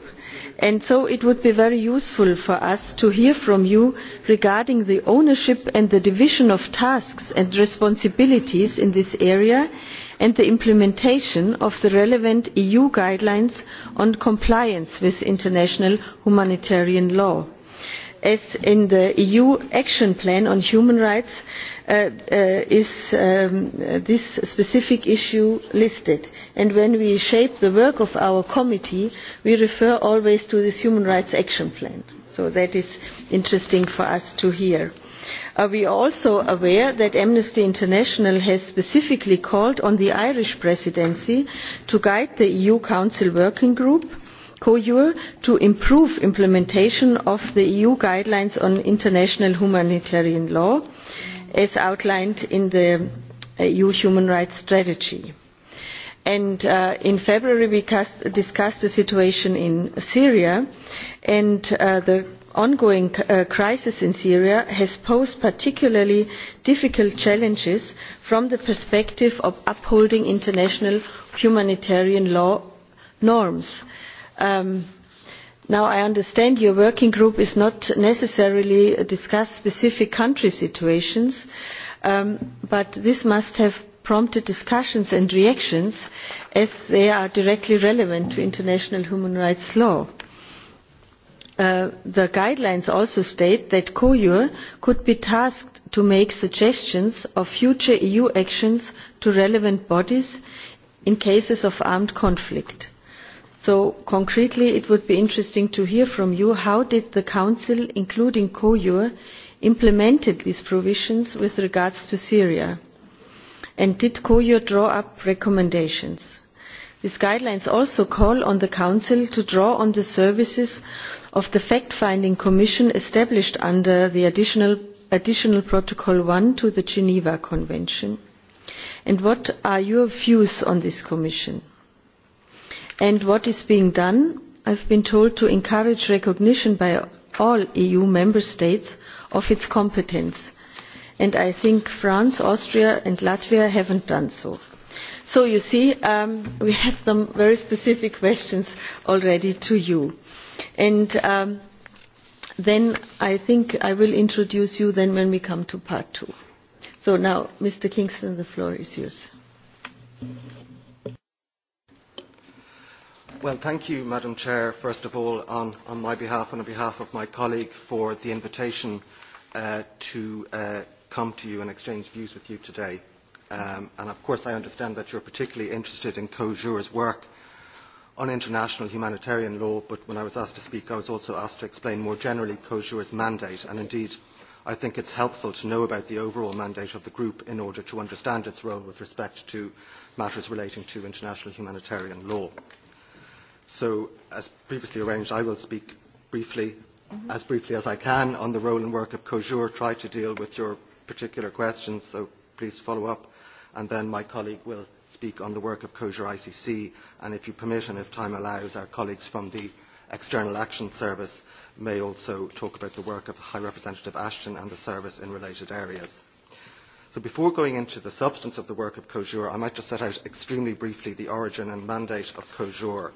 A: And so it would be very useful for us to hear from you regarding the ownership and the division of tasks and responsibilities in this area and the implementation of the relevant EU guidelines on compliance with international humanitarian law. As in the EU Action Plan on Human Rights uh, uh, is um, this specific issue listed. And when we shape the work of our committee, we refer always to this Human Rights Action Plan. So that is interesting for us to hear. Are we also aware that Amnesty International has specifically called on the Irish presidency to guide the EU Council Working Group COUR to improve implementation of the EU guidelines on international humanitarian law as outlined in the uh, EU human rights strategy. And uh, in February we discussed the situation in Syria and uh, the ongoing uh, crisis in Syria has posed particularly difficult challenges from the perspective of upholding international humanitarian law norms. Um, now I understand your working group is not necessarily discuss specific country situations, um, but this must have prompted discussions and reactions as they are directly relevant to international human rights law. Uh, the guidelines also state that COUR could be tasked to make suggestions of future EU actions to relevant bodies in cases of armed conflict. So concretely, it would be interesting to hear from you how did the Council, including COUR, implemented these provisions with regards to Syria? And did COUR draw up recommendations? These guidelines also call on the Council to draw on the services of the fact-finding commission established under the additional, additional protocol 1 to the Geneva Convention? And what are your views on this commission? And what is being done? I've been told to encourage recognition by all EU member states of its competence. And I think France, Austria and Latvia haven't done so. So you see, um, we have some very specific questions already to you. And um, then I think I will introduce you then when we come to part two. So now, Mr. Kingston, the floor is yours.
M: Well, thank you, Madam Chair, first of all, on, on my behalf and on behalf of my colleague for the invitation uh, to uh, come to you and exchange views with you today. Um, and of course, I understand that you're particularly interested in Kojur's work on international humanitarian law, but when I was asked to speak, I was also asked to explain more generally COSURE's mandate, and indeed I think it's helpful to know about the overall mandate of the group in order to understand its role with respect to matters relating to international humanitarian law. So, as previously arranged, I will speak briefly, mm-hmm. as briefly as I can, on the role and work of COSURE, try to deal with your particular questions, so please follow up and then my colleague will speak on the work of Kosher ICC, and if you permit and if time allows, our colleagues from the External Action Service may also talk about the work of High Representative Ashton and the service in related areas. So before going into the substance of the work of COJUR, I might just set out extremely briefly the origin and mandate of COJUR.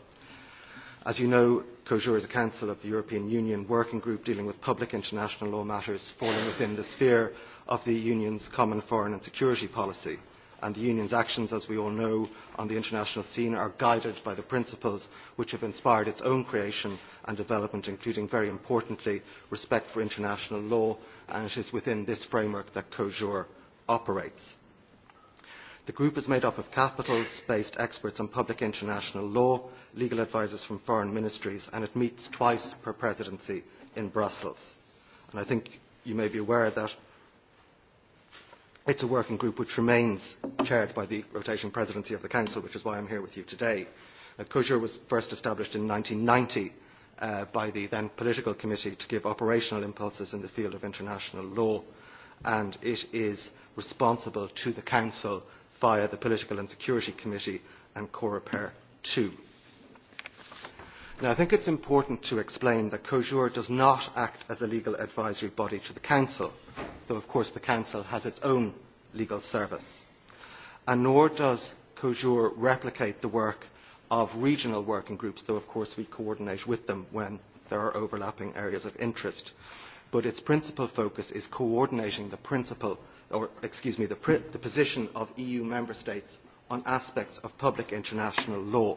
M: As you know, COJUR is a Council of the European Union working group dealing with public international law matters falling within the sphere of the Union's common foreign and security policy and the Union's actions, as we all know, on the international scene are guided by the principles which have inspired its own creation and development, including, very importantly, respect for international law, and it is within this framework that COJUR operates. The group is made up of capitals-based experts on public international law, legal advisers from foreign ministries, and it meets twice per presidency in Brussels. And I think you may be aware that It's a working group which remains chaired by the rotation presidency of the Council, which is why I'm here with you today. Uh, was first established in 1990 uh, by the then political committee to give operational impulses in the field of international law, and it is responsible to the Council via the Political and Security Committee and COREPER 2. Now, I think it's important to explain that COJUR does not act as a legal advisory body to the Council, though of course the Council has its own legal service. And nor does COJUR replicate the work of regional working groups, though of course we coordinate with them when there are overlapping areas of interest. But its principal focus is coordinating the principle, or excuse me, the, the position of EU member states on aspects of public international law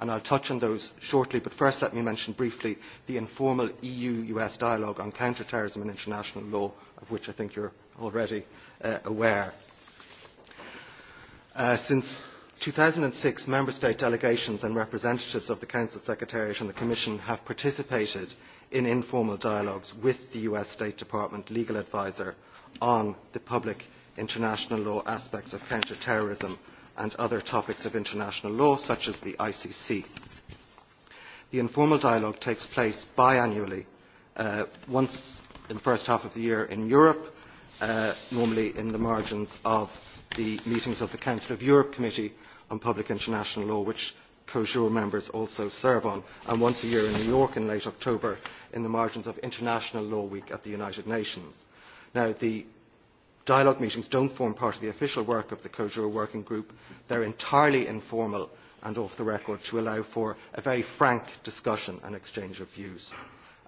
M: and I will touch on those shortly, but first let me mention briefly the informal EU-US dialogue on counterterrorism and international law, of which I think you are already uh, aware. Uh, since 2006, Member State delegations and representatives of the Council Secretariat and the Commission have participated in informal dialogues with the US State Department legal adviser on the public international law aspects of counterterrorism terrorism and other topics of international law, such as the ICC. The informal dialogue takes place biannually, uh, once in the first half of the year in Europe, uh, normally in the margins of the meetings of the Council of Europe Committee on Public International Law, which COJUR members also serve on, and once a year in New York in late October in the margins of International Law Week at the United Nations. Now, the Dialogue meetings don't form part of the official work of the COJUR working group. They're entirely informal and off the record to allow for a very frank discussion and exchange of views.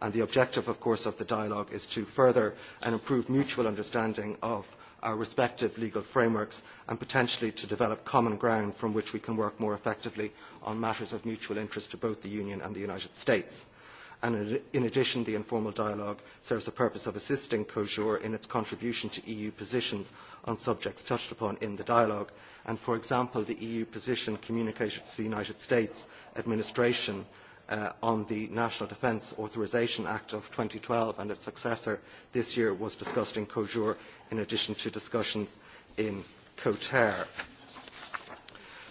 M: And the objective, of course, of the dialogue is to further and improve mutual understanding of our respective legal frameworks and potentially to develop common ground from which we can work more effectively on matters of mutual interest to both the Union and the United States and in addition the informal dialogue serves the purpose of assisting COJUR in its contribution to EU positions on subjects touched upon in the dialogue and for example the EU position communicated to the United States administration uh, on the National Defence Authorisation Act of 2012 and its successor this year was discussed in COJUR in addition to discussions in COTER.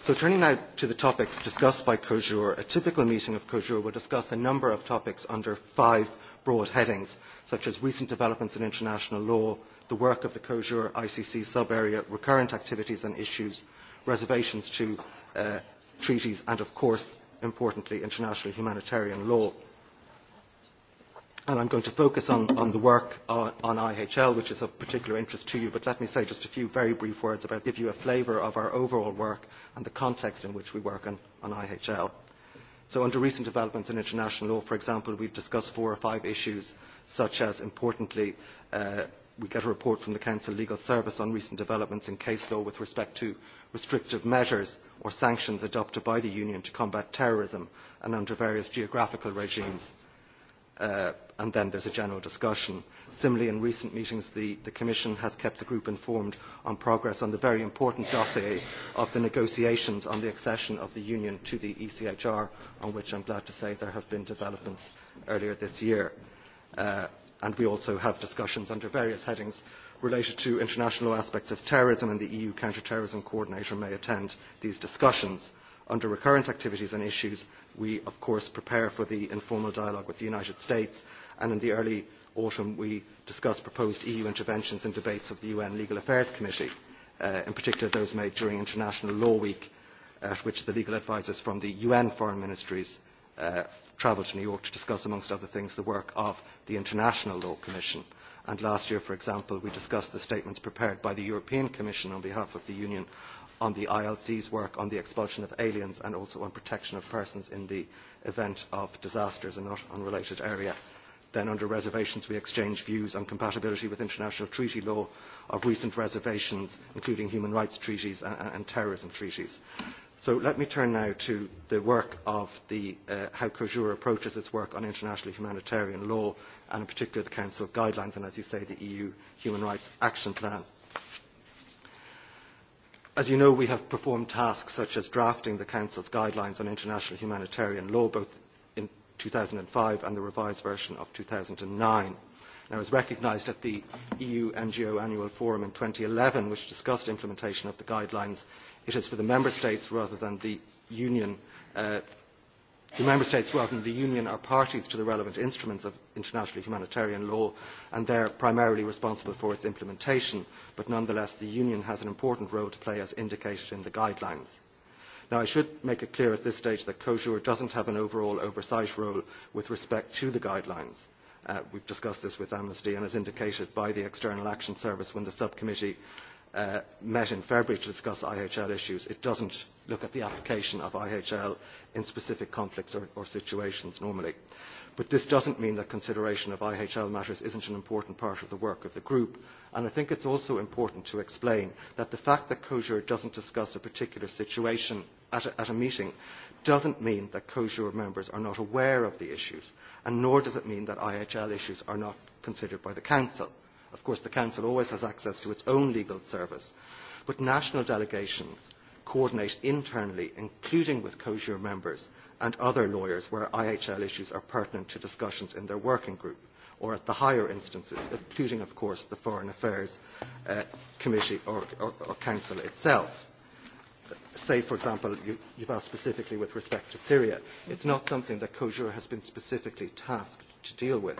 M: So turning now to the topics discussed by COJUR, a typical meeting of COJUR will discuss a number of topics under five broad headings, such as recent developments in international law, the work of the COJUR ICC sub-area, recurrent activities and issues, reservations to uh, treaties, and of course, importantly, international humanitarian law and I'm going to focus on, on the work on, on IHL, which is of particular interest to you, but let me say just a few very brief words about give you a flavour of our overall work and the context in which we work on, on IHL. So under recent developments in international law, for example, we've discussed four or five issues, such as, importantly, uh, we get a report from the Council Legal Service on recent developments in case law with respect to restrictive measures or sanctions adopted by the Union to combat terrorism and under various geographical regimes uh, and then there's a general discussion. Similarly, in recent meetings, the, the Commission has kept the group informed on progress on the very important dossier of the negotiations on the accession of the Union to the ECHR, on which I'm glad to say there have been developments earlier this year. Uh, and we also have discussions under various headings related to international aspects of terrorism, and the EU Counter Terrorism coordinator may attend these discussions. Uh, under recurrent activities and issues, we of course prepare for the informal dialogue with the United States and in the early autumn we discuss proposed EU interventions in debates of the UN Legal Affairs Committee, uh, in particular those made during International Law Week uh, at which the legal advisers from the UN foreign ministries uh, travelled to New York to discuss, amongst other things, the work of the International Law Commission. And last year, for example, we discussed the statements prepared by the European Commission on behalf of the Union on the ILC's work on the expulsion of aliens and also on protection of persons in the event of disasters, in not unrelated area. Then under reservations we exchange views on compatibility with international treaty law of recent reservations, including human rights treaties and, and terrorism treaties. So let me turn now to the work of the, uh, how COSURE approaches its work on international humanitarian law and in particular the Council guidelines and, as you say, the EU Human Rights Action Plan. As you know, we have performed tasks such as drafting the Council's guidelines on international humanitarian law, both in 2005 and the revised version of 2009. And I was recognised at the EU NGO Annual Forum in 2011, which discussed implementation of the guidelines. It is for the Member States rather than the Union uh, The Member States welcome the Union are parties to the relevant instruments of international humanitarian law and they are primarily responsible for its implementation, but nonetheless the Union has an important role to play as indicated in the guidelines. Now I should make it clear at this stage that COSUR doesn't have an overall oversight role with respect to the guidelines. Uh, we've discussed this with Amnesty and as indicated by the External Action Service when the subcommittee uh, met in February to discuss IHL issues. It doesn't look at the application of IHL in specific conflicts or, or situations normally. But this doesn't mean that consideration of IHL matters isn't an important part of the work of the group. And I think it's also important to explain that the fact that COSURE doesn't discuss a particular situation at a, at a meeting doesn't mean that COSURE members are not aware of the issues, and nor does it mean that IHL issues are not considered by the Council. Of course, the Council always has access to its own legal service, but national delegations coordinate internally, including with COSURE members and other lawyers where IHL issues are pertinent to discussions in their working group or at the higher instances, including, of course, the Foreign Affairs uh, Committee or, or, or Council itself. Say, for example, you, you've asked specifically with respect to Syria. It's not something that COSURE has been specifically tasked to deal with.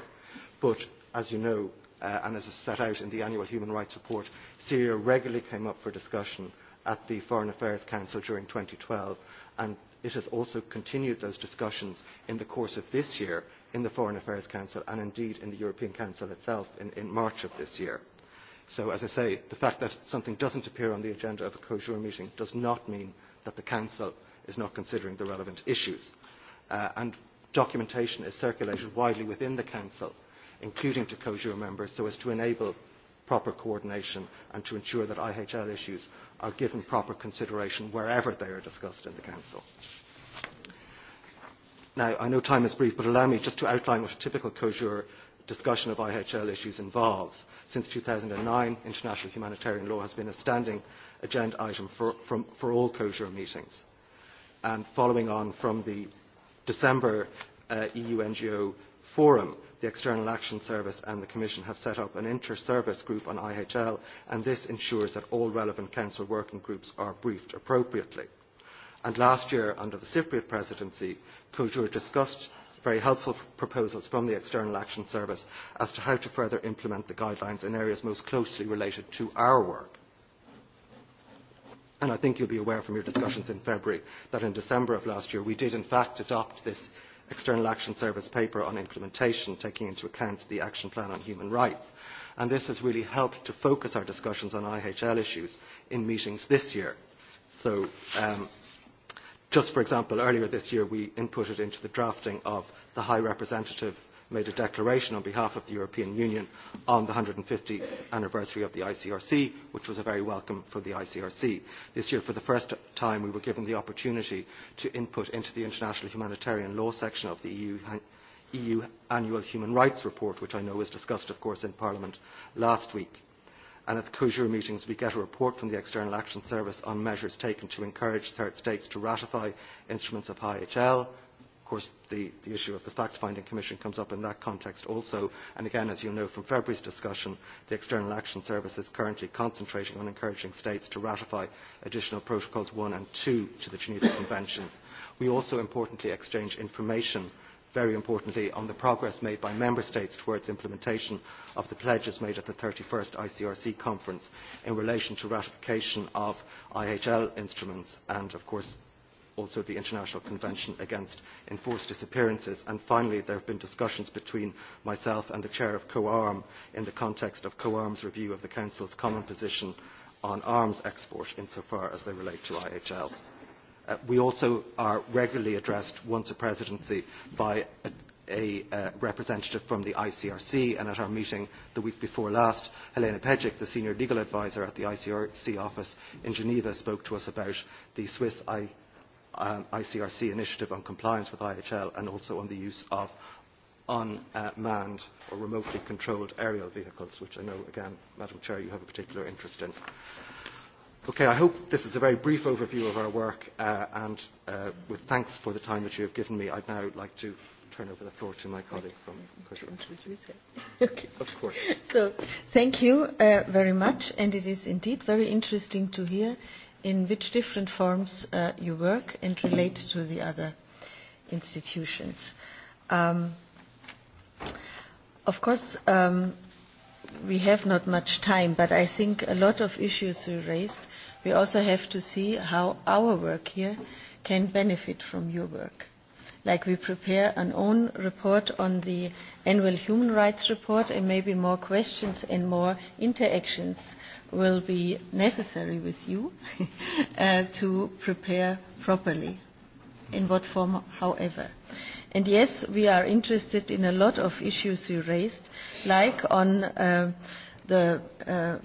M: But, as you know, uh, and as is set out in the annual human rights report, Syria regularly came up for discussion at the Foreign Affairs Council during 2012 and it has also continued those discussions in the course of this year in the Foreign Affairs Council and indeed in the European Council itself in, in March of this year. So as I say, the fact that something doesn't appear on the agenda of a COJUR meeting does not mean that the Council is not considering the relevant issues. Uh, and documentation is circulated widely within the Council, including to COJUR members, so as to enable proper coordination and to ensure that IHL issues are given proper consideration wherever they are discussed in the Council. Now, I know time is brief, but allow me just to outline what a typical COJUR discussion of IHL issues involves. Since 2009, international humanitarian law has been a standing agenda item for, from, for all COJUR meetings. And following on from the December uh, EU NGO forum, the External Action Service and the Commission have set up an inter-service group on IHL, and this ensures that all relevant Council working groups are briefed appropriately. And last year, under the Cypriot presidency, Kultur discussed very helpful proposals from the External Action Service as to how to further implement the guidelines in areas most closely related to our work. And I think you'll be aware from your discussions in February that in December of last year we did in fact adopt this External Action Service paper on implementation, taking into account the Action Plan on Human Rights. And this has really helped to focus our discussions on IHL issues in meetings this year. So, um, just for example, earlier this year we inputted into the drafting of the High Representative made a declaration on behalf of the European Union on the 150th anniversary of the ICRC, which was a very welcome for the ICRC. This year, for the first time, we were given the opportunity to input into the international humanitarian law section of the EU EU annual human rights report, which I know was discussed, of course, in Parliament last week. And at the COSURE meetings, we get a report from the External Action Service on measures taken to encourage third states to ratify instruments of IHL, course, the, the issue of the fact-finding commission comes up in that context also. And again, as you know from February's discussion, the External Action Service is currently concentrating on encouraging states to ratify additional protocols 1 and 2 to the Geneva Conventions. We also importantly exchange information very importantly on the progress made by member states towards implementation of the pledges made at the 31st ICRC conference in relation to ratification of IHL instruments and of course also the International Convention Against Enforced Disappearances. And finally, there have been discussions between myself and the chair of COARM in the context of COARM's review of the Council's common position on arms export insofar as they relate to IHL. Uh, we also are regularly addressed once a presidency by a, a uh, representative from the ICRC and at our meeting the week before last, Helena Pejic, the senior legal advisor at the ICRC office in Geneva, spoke to us about the Swiss I um, ICRC initiative on compliance with IHL and also on the use of unmanned or remotely controlled aerial vehicles, which I know, again, Madam Chair, you have a particular interest in. Okay, I hope this is a very brief overview of our work, uh, and uh, with thanks for the time that you have given me, I'd now like to turn over the floor to my colleague from Kosher. okay. Of course.
A: So, thank you uh, very much, and it is indeed very interesting to hear in which different forms uh, you work and relate to the other institutions. Um, of course, um, we have not much time, but I think a lot of issues you raised, we also have to see how our work here can benefit from your work. Like we prepare an own report on the annual human rights report and maybe more questions and more interactions will be necessary with you uh, to prepare properly, in what form, however. And yes, we are interested in a lot of issues you raised, like on uh, the, uh,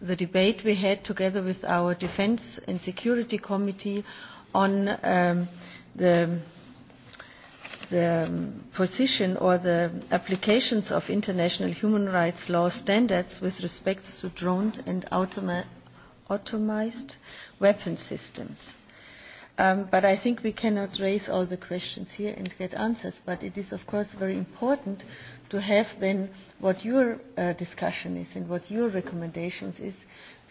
A: the debate we had together with our Defense and Security Committee on um, the the position or the applications of international human rights law standards with respect to drone and automized weapon systems. Um, but I think we cannot raise all the questions here and get answers. But it is, of course, very important to have then what your uh, discussion is and what your recommendations is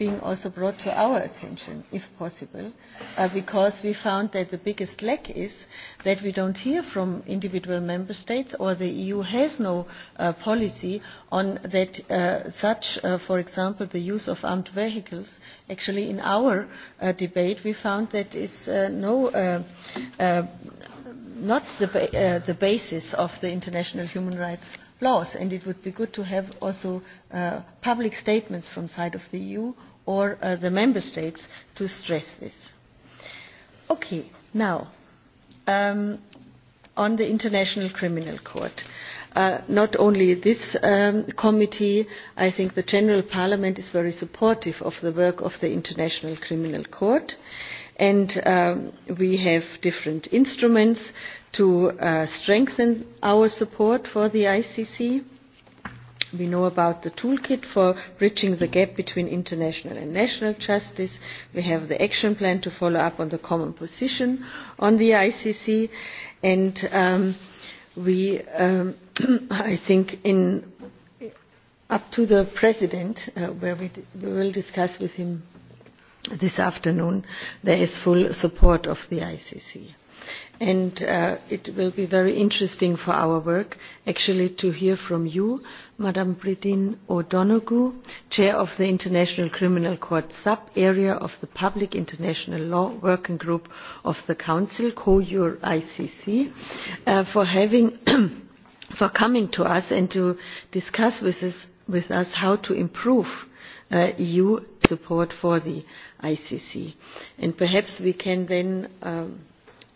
A: being also brought to our attention, if possible, uh, because we found that the biggest lack is that we don't hear from individual member states or the EU has no uh, policy on that uh, such, uh, for example, the use of armed vehicles. Actually, in our uh, debate, we found that is uh, no uh, uh, not the, ba uh, the basis of the international human rights laws, and it would be good to have also uh, public statements from side of the EU or uh, the member states to stress this. Okay, now, um, on the International Criminal Court. Uh, not only this um, committee, I think the General Parliament is very supportive of the work of the International Criminal Court and um, we have different instruments to uh, strengthen our support for the ICC. We know about the toolkit for bridging the gap between international and national justice. We have the action plan to follow up on the common position on the ICC. And um, we, um, I think, in up to the president, uh, where we, we will discuss with him this afternoon, there is full support of the ICC and uh, it will be very interesting for our work actually to hear from you, Madam Britin O'Donoghue, Chair of the International Criminal Court Sub-Area of the Public International Law Working Group of the Council, COUR ICC, uh, for having for coming to us and to discuss with us, with us how to improve uh, EU support for the ICC. And perhaps we can then um,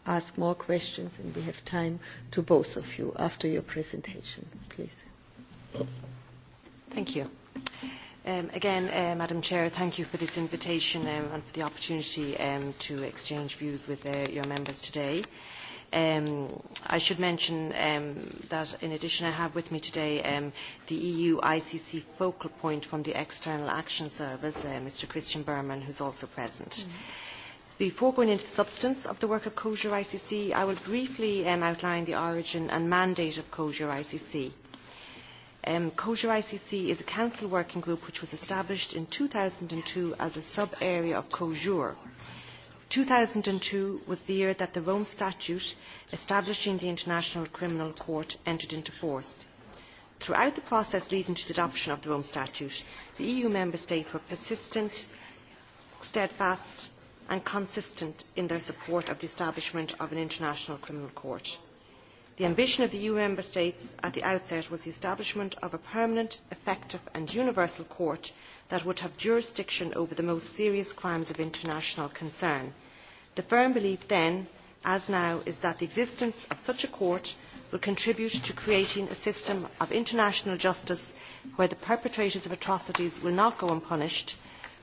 A: ask more questions and we have time to both of you after your presentation, please.
N: Thank you. Um, again, uh, Madam Chair, thank you for this invitation um, and for the opportunity um, to exchange views with uh, your members today. Um, I should mention um, that in addition I have with me today um, the EU ICC focal point from the External Action Service, uh, Mr. Christian Berman, who is also present. Mm -hmm. Before going into the substance of the work of COSUR ICC, I will briefly um, outline the origin and mandate of COSUR ICC. Um, COSUR ICC is a council working group which was established in 2002 as a sub-area of COSUR. 2002 was the year that the Rome Statute establishing the International Criminal Court entered into force. Throughout the process leading to the adoption of the Rome Statute, the EU member states were persistent, steadfast and consistent in their support of the establishment of an international criminal court. The ambition of the EU member states at the outset was the establishment of a permanent, effective and universal court that would have jurisdiction over the most serious crimes of international concern. The firm belief then, as now, is that the existence of such a court will contribute to creating a system of international justice where the perpetrators of atrocities will not go unpunished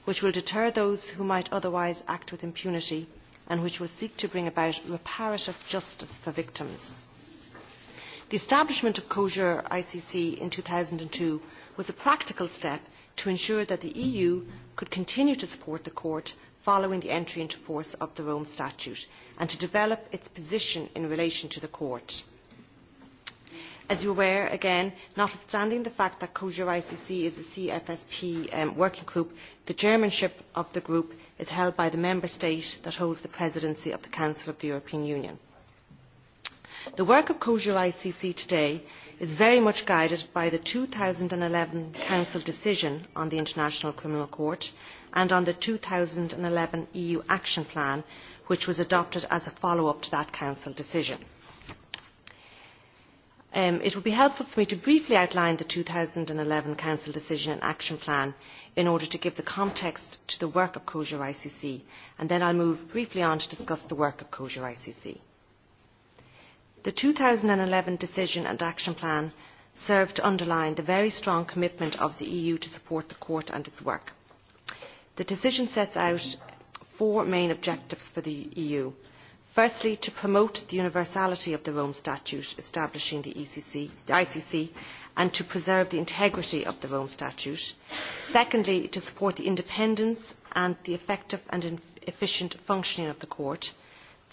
N: which will deter those who might otherwise act with impunity and which will seek to bring about reparative justice for victims. The establishment of COSURE ICC in 2002 was a practical step to ensure that the EU could continue to support the court following the entry into force of the Rome Statute and to develop its position in relation to the court. As you're aware, again, notwithstanding the fact that COSUR ICC is a CFSP um, working group, the chairmanship of the group is held by the member state that holds the presidency of the Council of the European Union. The work of COSUR ICC today is very much guided by the 2011 Council decision on the International Criminal Court and on the 2011 EU e Action Plan, which was adopted as a follow-up to that Council decision. Um, it would be helpful for me to briefly outline the 2011 Council Decision and Action Plan in order to give the context to the work of COSUR ICC, and then I'll move briefly on to discuss the work of COSUR ICC. The 2011 Decision and Action Plan served to underline the very strong commitment of the EU to support the Court and its work. The decision sets out four main objectives for the EU – Firstly, to promote the universality of the Rome Statute establishing the, ECC, the ICC and to preserve the integrity of the Rome Statute. Secondly, to support the independence and the effective and efficient functioning of the Court.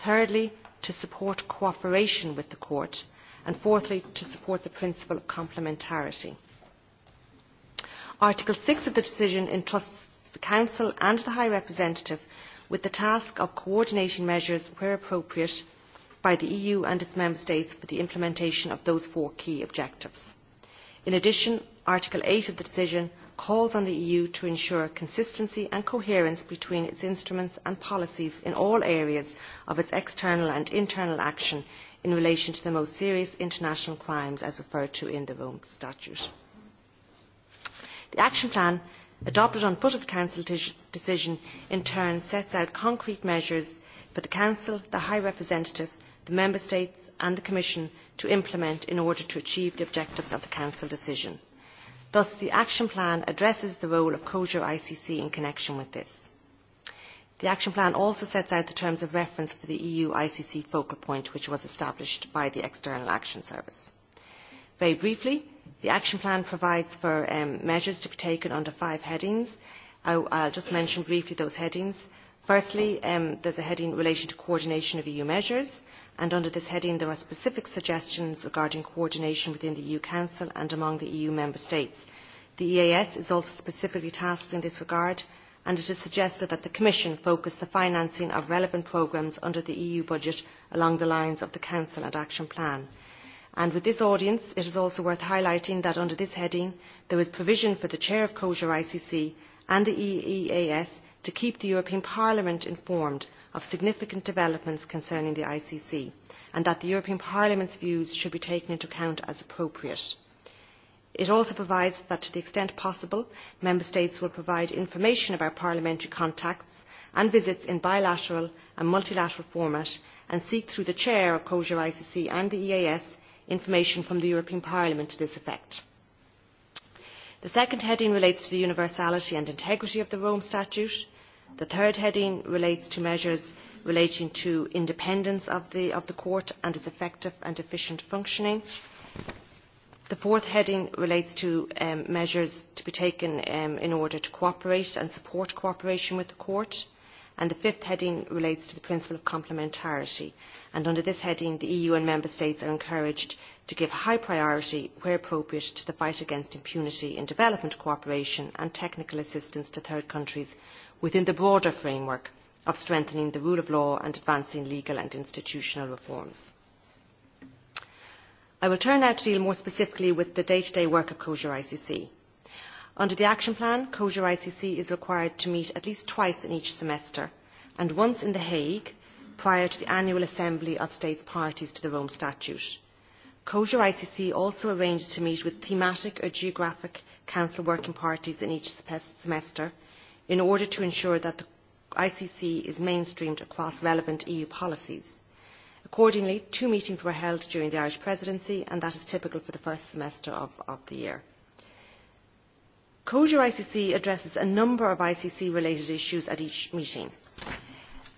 N: Thirdly, to support cooperation with the Court. And fourthly, to support the principle of complementarity. Article 6 of the decision entrusts the Council and the High Representative with the task of coordinating measures where appropriate by the EU and its member states for the implementation of those four key objectives. In addition, Article 8 of the decision calls on the EU to ensure consistency and coherence between its instruments and policies in all areas of its external and internal action in relation to the most serious international crimes as referred to in the Rome Statute. The action plan adopted on foot of the Council decision in turn sets out concrete measures for the Council, the High Representative, the Member States and the Commission to implement in order to achieve the objectives of the Council decision. Thus, the action plan addresses the role of COJO ICC in connection with this. The action plan also sets out the terms of reference for the EU ICC focal point, which was established by the External Action Service. Very briefly, The action plan provides for um, measures to be taken under five headings. I, I'll just mention briefly those headings. Firstly, um, there's a heading in relation to coordination of EU measures, and under this heading there are specific suggestions regarding coordination within the EU Council and among the EU Member States. The EAS is also specifically tasked in this regard, and it is suggested that the Commission focus the financing of relevant programmes under the EU budget along the lines of the Council and Action Plan. And with this audience, it is also worth highlighting that under this heading, there is provision for the Chair of Kosher ICC and the EEAS to keep the European Parliament informed of significant developments concerning the ICC, and that the European Parliament's views should be taken into account as appropriate. It also provides that to the extent possible, Member States will provide information about parliamentary contacts and visits in bilateral and multilateral format and seek through the Chair of COSUR ICC and the EAS information from the European Parliament to this effect. The second heading relates to the universality and integrity of the Rome Statute. The third heading relates to measures relating to independence of the, of the court and its effective and efficient functioning. The fourth heading relates to um, measures to be taken um, in order to cooperate and support cooperation with the court and the fifth heading relates to the principle of complementarity. And under this heading, the EU and Member States are encouraged to give high priority, where appropriate, to the fight against impunity in development cooperation and technical assistance to third countries within the broader framework of strengthening the rule of law and advancing legal and institutional reforms. I will turn now to deal more specifically with the day-to-day -day work of COSURE ICC. Under the action plan, COSUR ICC is required to meet at least twice in each semester and once in The Hague prior to the annual assembly of states parties to the Rome Statute. COSUR ICC also arranges to meet with thematic or geographic council working parties in each semester in order to ensure that the ICC is mainstreamed across relevant EU policies. Accordingly, two meetings were held during the Irish presidency and that is typical for the first semester of, of the year. COSUR ICC addresses a number of ICC related issues at each meeting.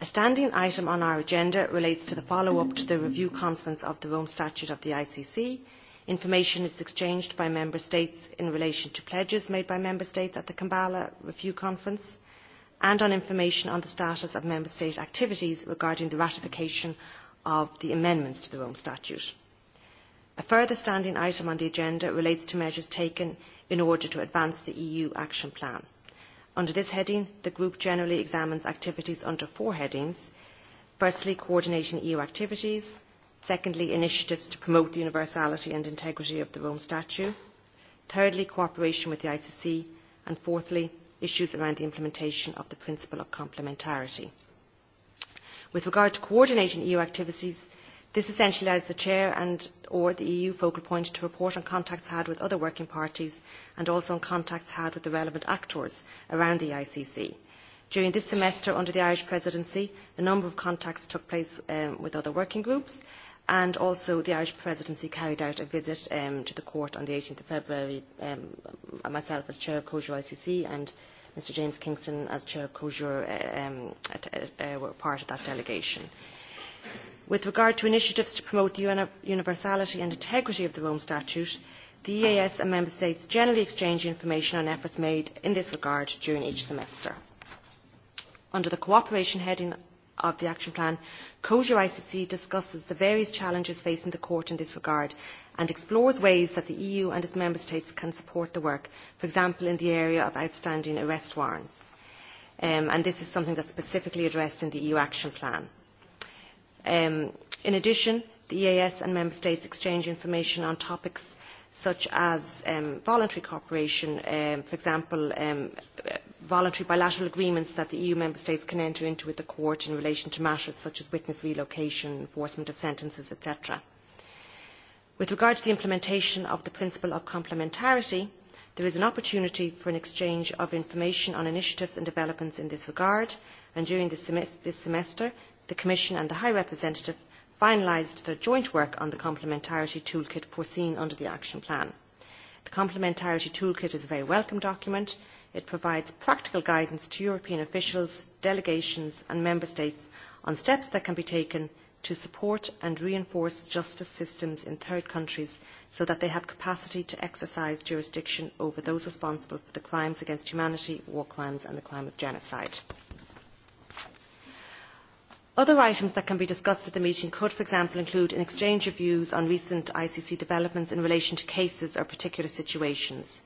N: A standing item on our agenda relates to the follow-up to the review conference of the Rome Statute of the ICC. Information is exchanged by Member States in relation to pledges made by Member States at the Kambala Review Conference and on information on the status of Member State activities regarding the ratification of the amendments to the Rome Statute. A further standing item on the agenda relates to measures taken in order to advance the EU action plan. Under this heading, the group generally examines activities under four headings. Firstly, coordinating EU activities. Secondly, initiatives to promote the universality and integrity of the Rome Statute. Thirdly, cooperation with the ICC. And fourthly, issues around the implementation of the principle of complementarity. With regard to coordinating EU activities, This essentially allows the Chair and or the EU focal point to report on contacts had with other working parties and also on contacts had with the relevant actors around the ICC. During this semester under the Irish Presidency, a number of contacts took place um, with other working groups and also the Irish Presidency carried out a visit um, to the court on the 18th of February, um, myself as Chair of COSUR ICC and Mr James Kingston as Chair of COSUR uh, um, uh, uh, were part of that delegation. With regard to initiatives to promote the universality and integrity of the Rome Statute, the EAS and Member States generally exchange information on efforts made in this regard during each semester. Under the cooperation heading of the action plan, COSUR ICC discusses the various challenges facing the court in this regard and explores ways that the EU and its member states can support the work, for example in the area of outstanding arrest warrants. Um, and this is something that's specifically addressed in the EU action plan. Um, in addition, the EAS and Member States exchange information on topics such as um, voluntary cooperation, um, for example, um, voluntary bilateral agreements that the EU member states can enter into with the court in relation to matters such as witness relocation, enforcement of sentences, etc. With regard to the implementation of the principle of complementarity, there is an opportunity for an exchange of information on initiatives and developments in this regard, and during this, semest this semester, the Commission and the High Representative finalised their joint work on the complementarity toolkit foreseen under the action plan. The complementarity toolkit is a very welcome document. It provides practical guidance to European officials, delegations and member states on steps that can be taken to support and reinforce justice systems in third countries so that they have capacity to exercise jurisdiction over those responsible for the crimes against humanity, war crimes and the crime of genocide. Other items that can be discussed at the meeting could, for example, include an exchange of views on recent ICC developments in relation to cases or particular situations.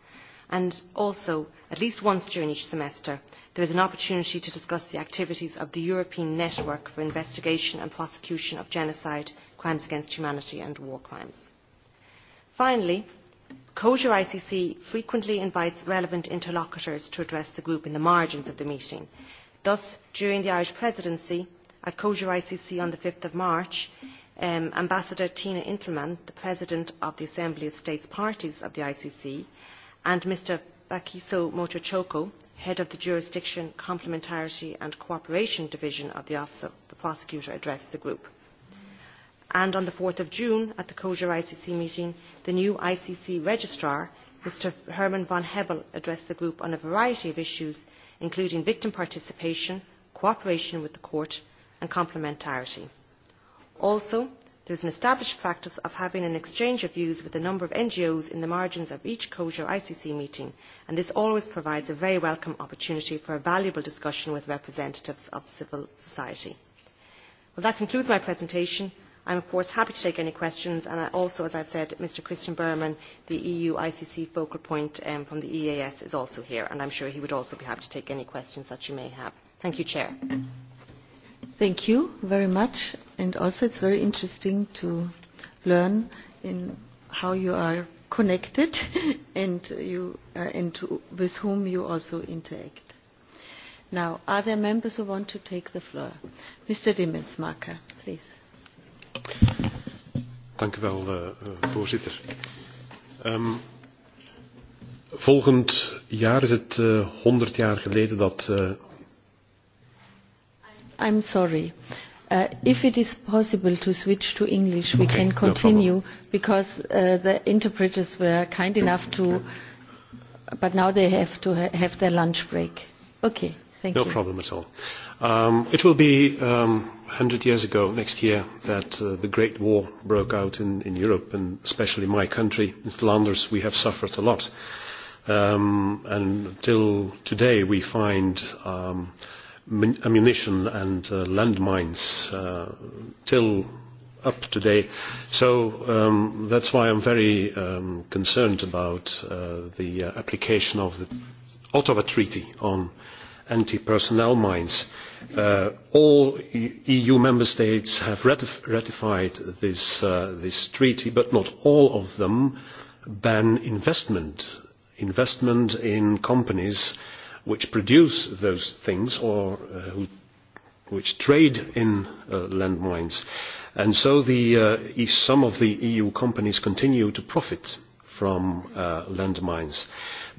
N: And also, at least once during each semester, there is an opportunity to discuss the activities of the European Network for Investigation and Prosecution of Genocide, Crimes Against Humanity and War Crimes. Finally, COSUR ICC frequently invites relevant interlocutors to address the group in the margins of the meeting. Thus, during the Irish presidency, At COSUR ICC on the 5th of March, um, Ambassador Tina Intelman, the President of the Assembly of States Parties of the ICC, and Mr. Bakiso Motochoko, Head of the Jurisdiction, Complementarity and Cooperation Division of the Office of the Prosecutor, addressed the group. And on the 4th of June, at the COSUR ICC meeting, the new ICC Registrar, Mr. Herman von Hebel, addressed the group on a variety of issues, including victim participation, cooperation with the court, and complementarity. Also, there is an established practice of having an exchange of views with a number of NGOs in the margins of each COJO ICC meeting, and this always provides a very welcome opportunity for a valuable discussion with representatives of civil society. Well, that concludes my presentation. I am of course happy to take any questions and I also, as I have said, Mr Christian Berman, the EU ICC focal point um, from the EAS is also here and I am sure he would also be happy to take any questions that you may have. Thank you, Chair.
A: Thank you very much. And also it's very interesting to learn in how you are connected and, you, uh, and to, with whom you also interact. Now, are there members who want to take the floor? Mr. Dimmelsmaker, please.
O: Dank u wel, uh, voorzitter. Um, volgend jaar is het uh, eh, 100 jaar geleden dat uh,
A: I'm sorry. Uh, if it is possible to switch to English, we okay, can continue no because uh, the interpreters were kind enough to, but now they have to ha have their lunch break. Okay, thank no you. No
O: problem at all. Um, it will be um, 100 years ago next year that uh, the Great War broke out in, in Europe and especially my country, in Flanders, we have suffered a lot. Um, and till today we find um, ammunition and uh, landmines uh, till up today. So um, that's why I'm very um, concerned about uh, the uh, application of the Ottawa Treaty on anti-personnel mines. Uh, all e EU member states have ratif ratified this, uh, this treaty, but not all of them ban investment, investment in companies uh, which produce those things or uh, who, which trade in uh, landmines. And so the, uh, e, some of the EU companies continue to profit from uh, landmines.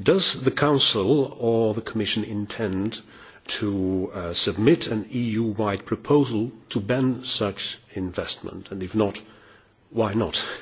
O: Does the Council or the Commission intend to uh, submit an EU-wide proposal to ban such investment? And if not, why not?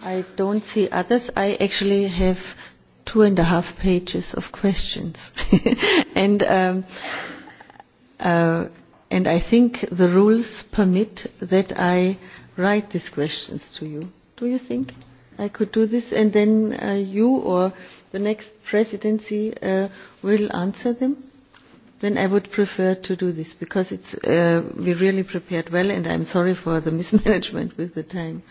A: I don't see others. I actually have two and a half pages of questions. and, um, uh, and I think the rules permit that I write these questions to you. Do you think I could do this? And then uh, you or the next presidency uh, will answer them? Then I would prefer to do this because it's, uh, we really prepared well and I'm sorry for the mismanagement with the time. Uh,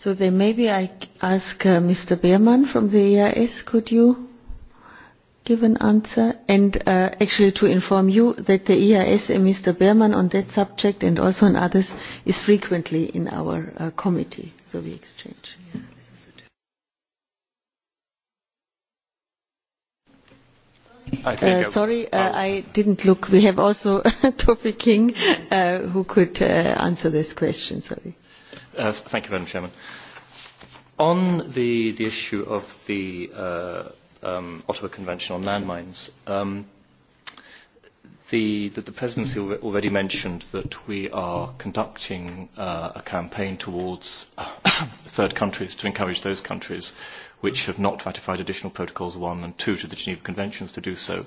A: So then maybe I ask uh, Mr. Beerman from the EIS, could you give an answer? And uh, actually to inform you that the EIS and Mr. Beerman on that subject and also on others is frequently in our uh, committee, so we exchange. Yeah. I think uh, sorry, uh, I didn't look. We have also Toby King uh, who could uh, answer this question. Sorry.
P: Uh, thank you, Madam Chairman. On the, the issue of the uh, um, Ottawa Convention on landmines, um, the, the, the presidency already mentioned that we are conducting uh, a campaign towards uh, third countries to encourage those countries which have not ratified additional protocols one and two to the Geneva Conventions to do so.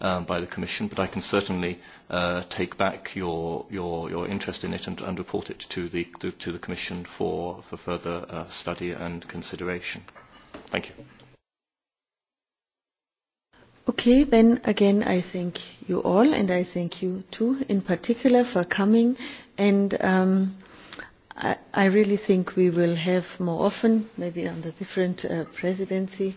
P: um, by the Commission, but I can certainly uh, take back your, your, your interest in it and, and report it to the, to, to the Commission for, for further uh, study and consideration. Thank you.
A: Okay, then again, I thank you all, and I thank you too, in particular, for coming. And um, I, I really think we will have more often, maybe under different uh, presidency,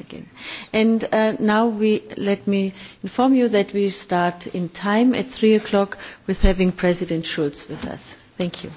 A: again. And uh, now we, let me inform you that we start in time at three o'clock with having President Schulz with us. Thank you.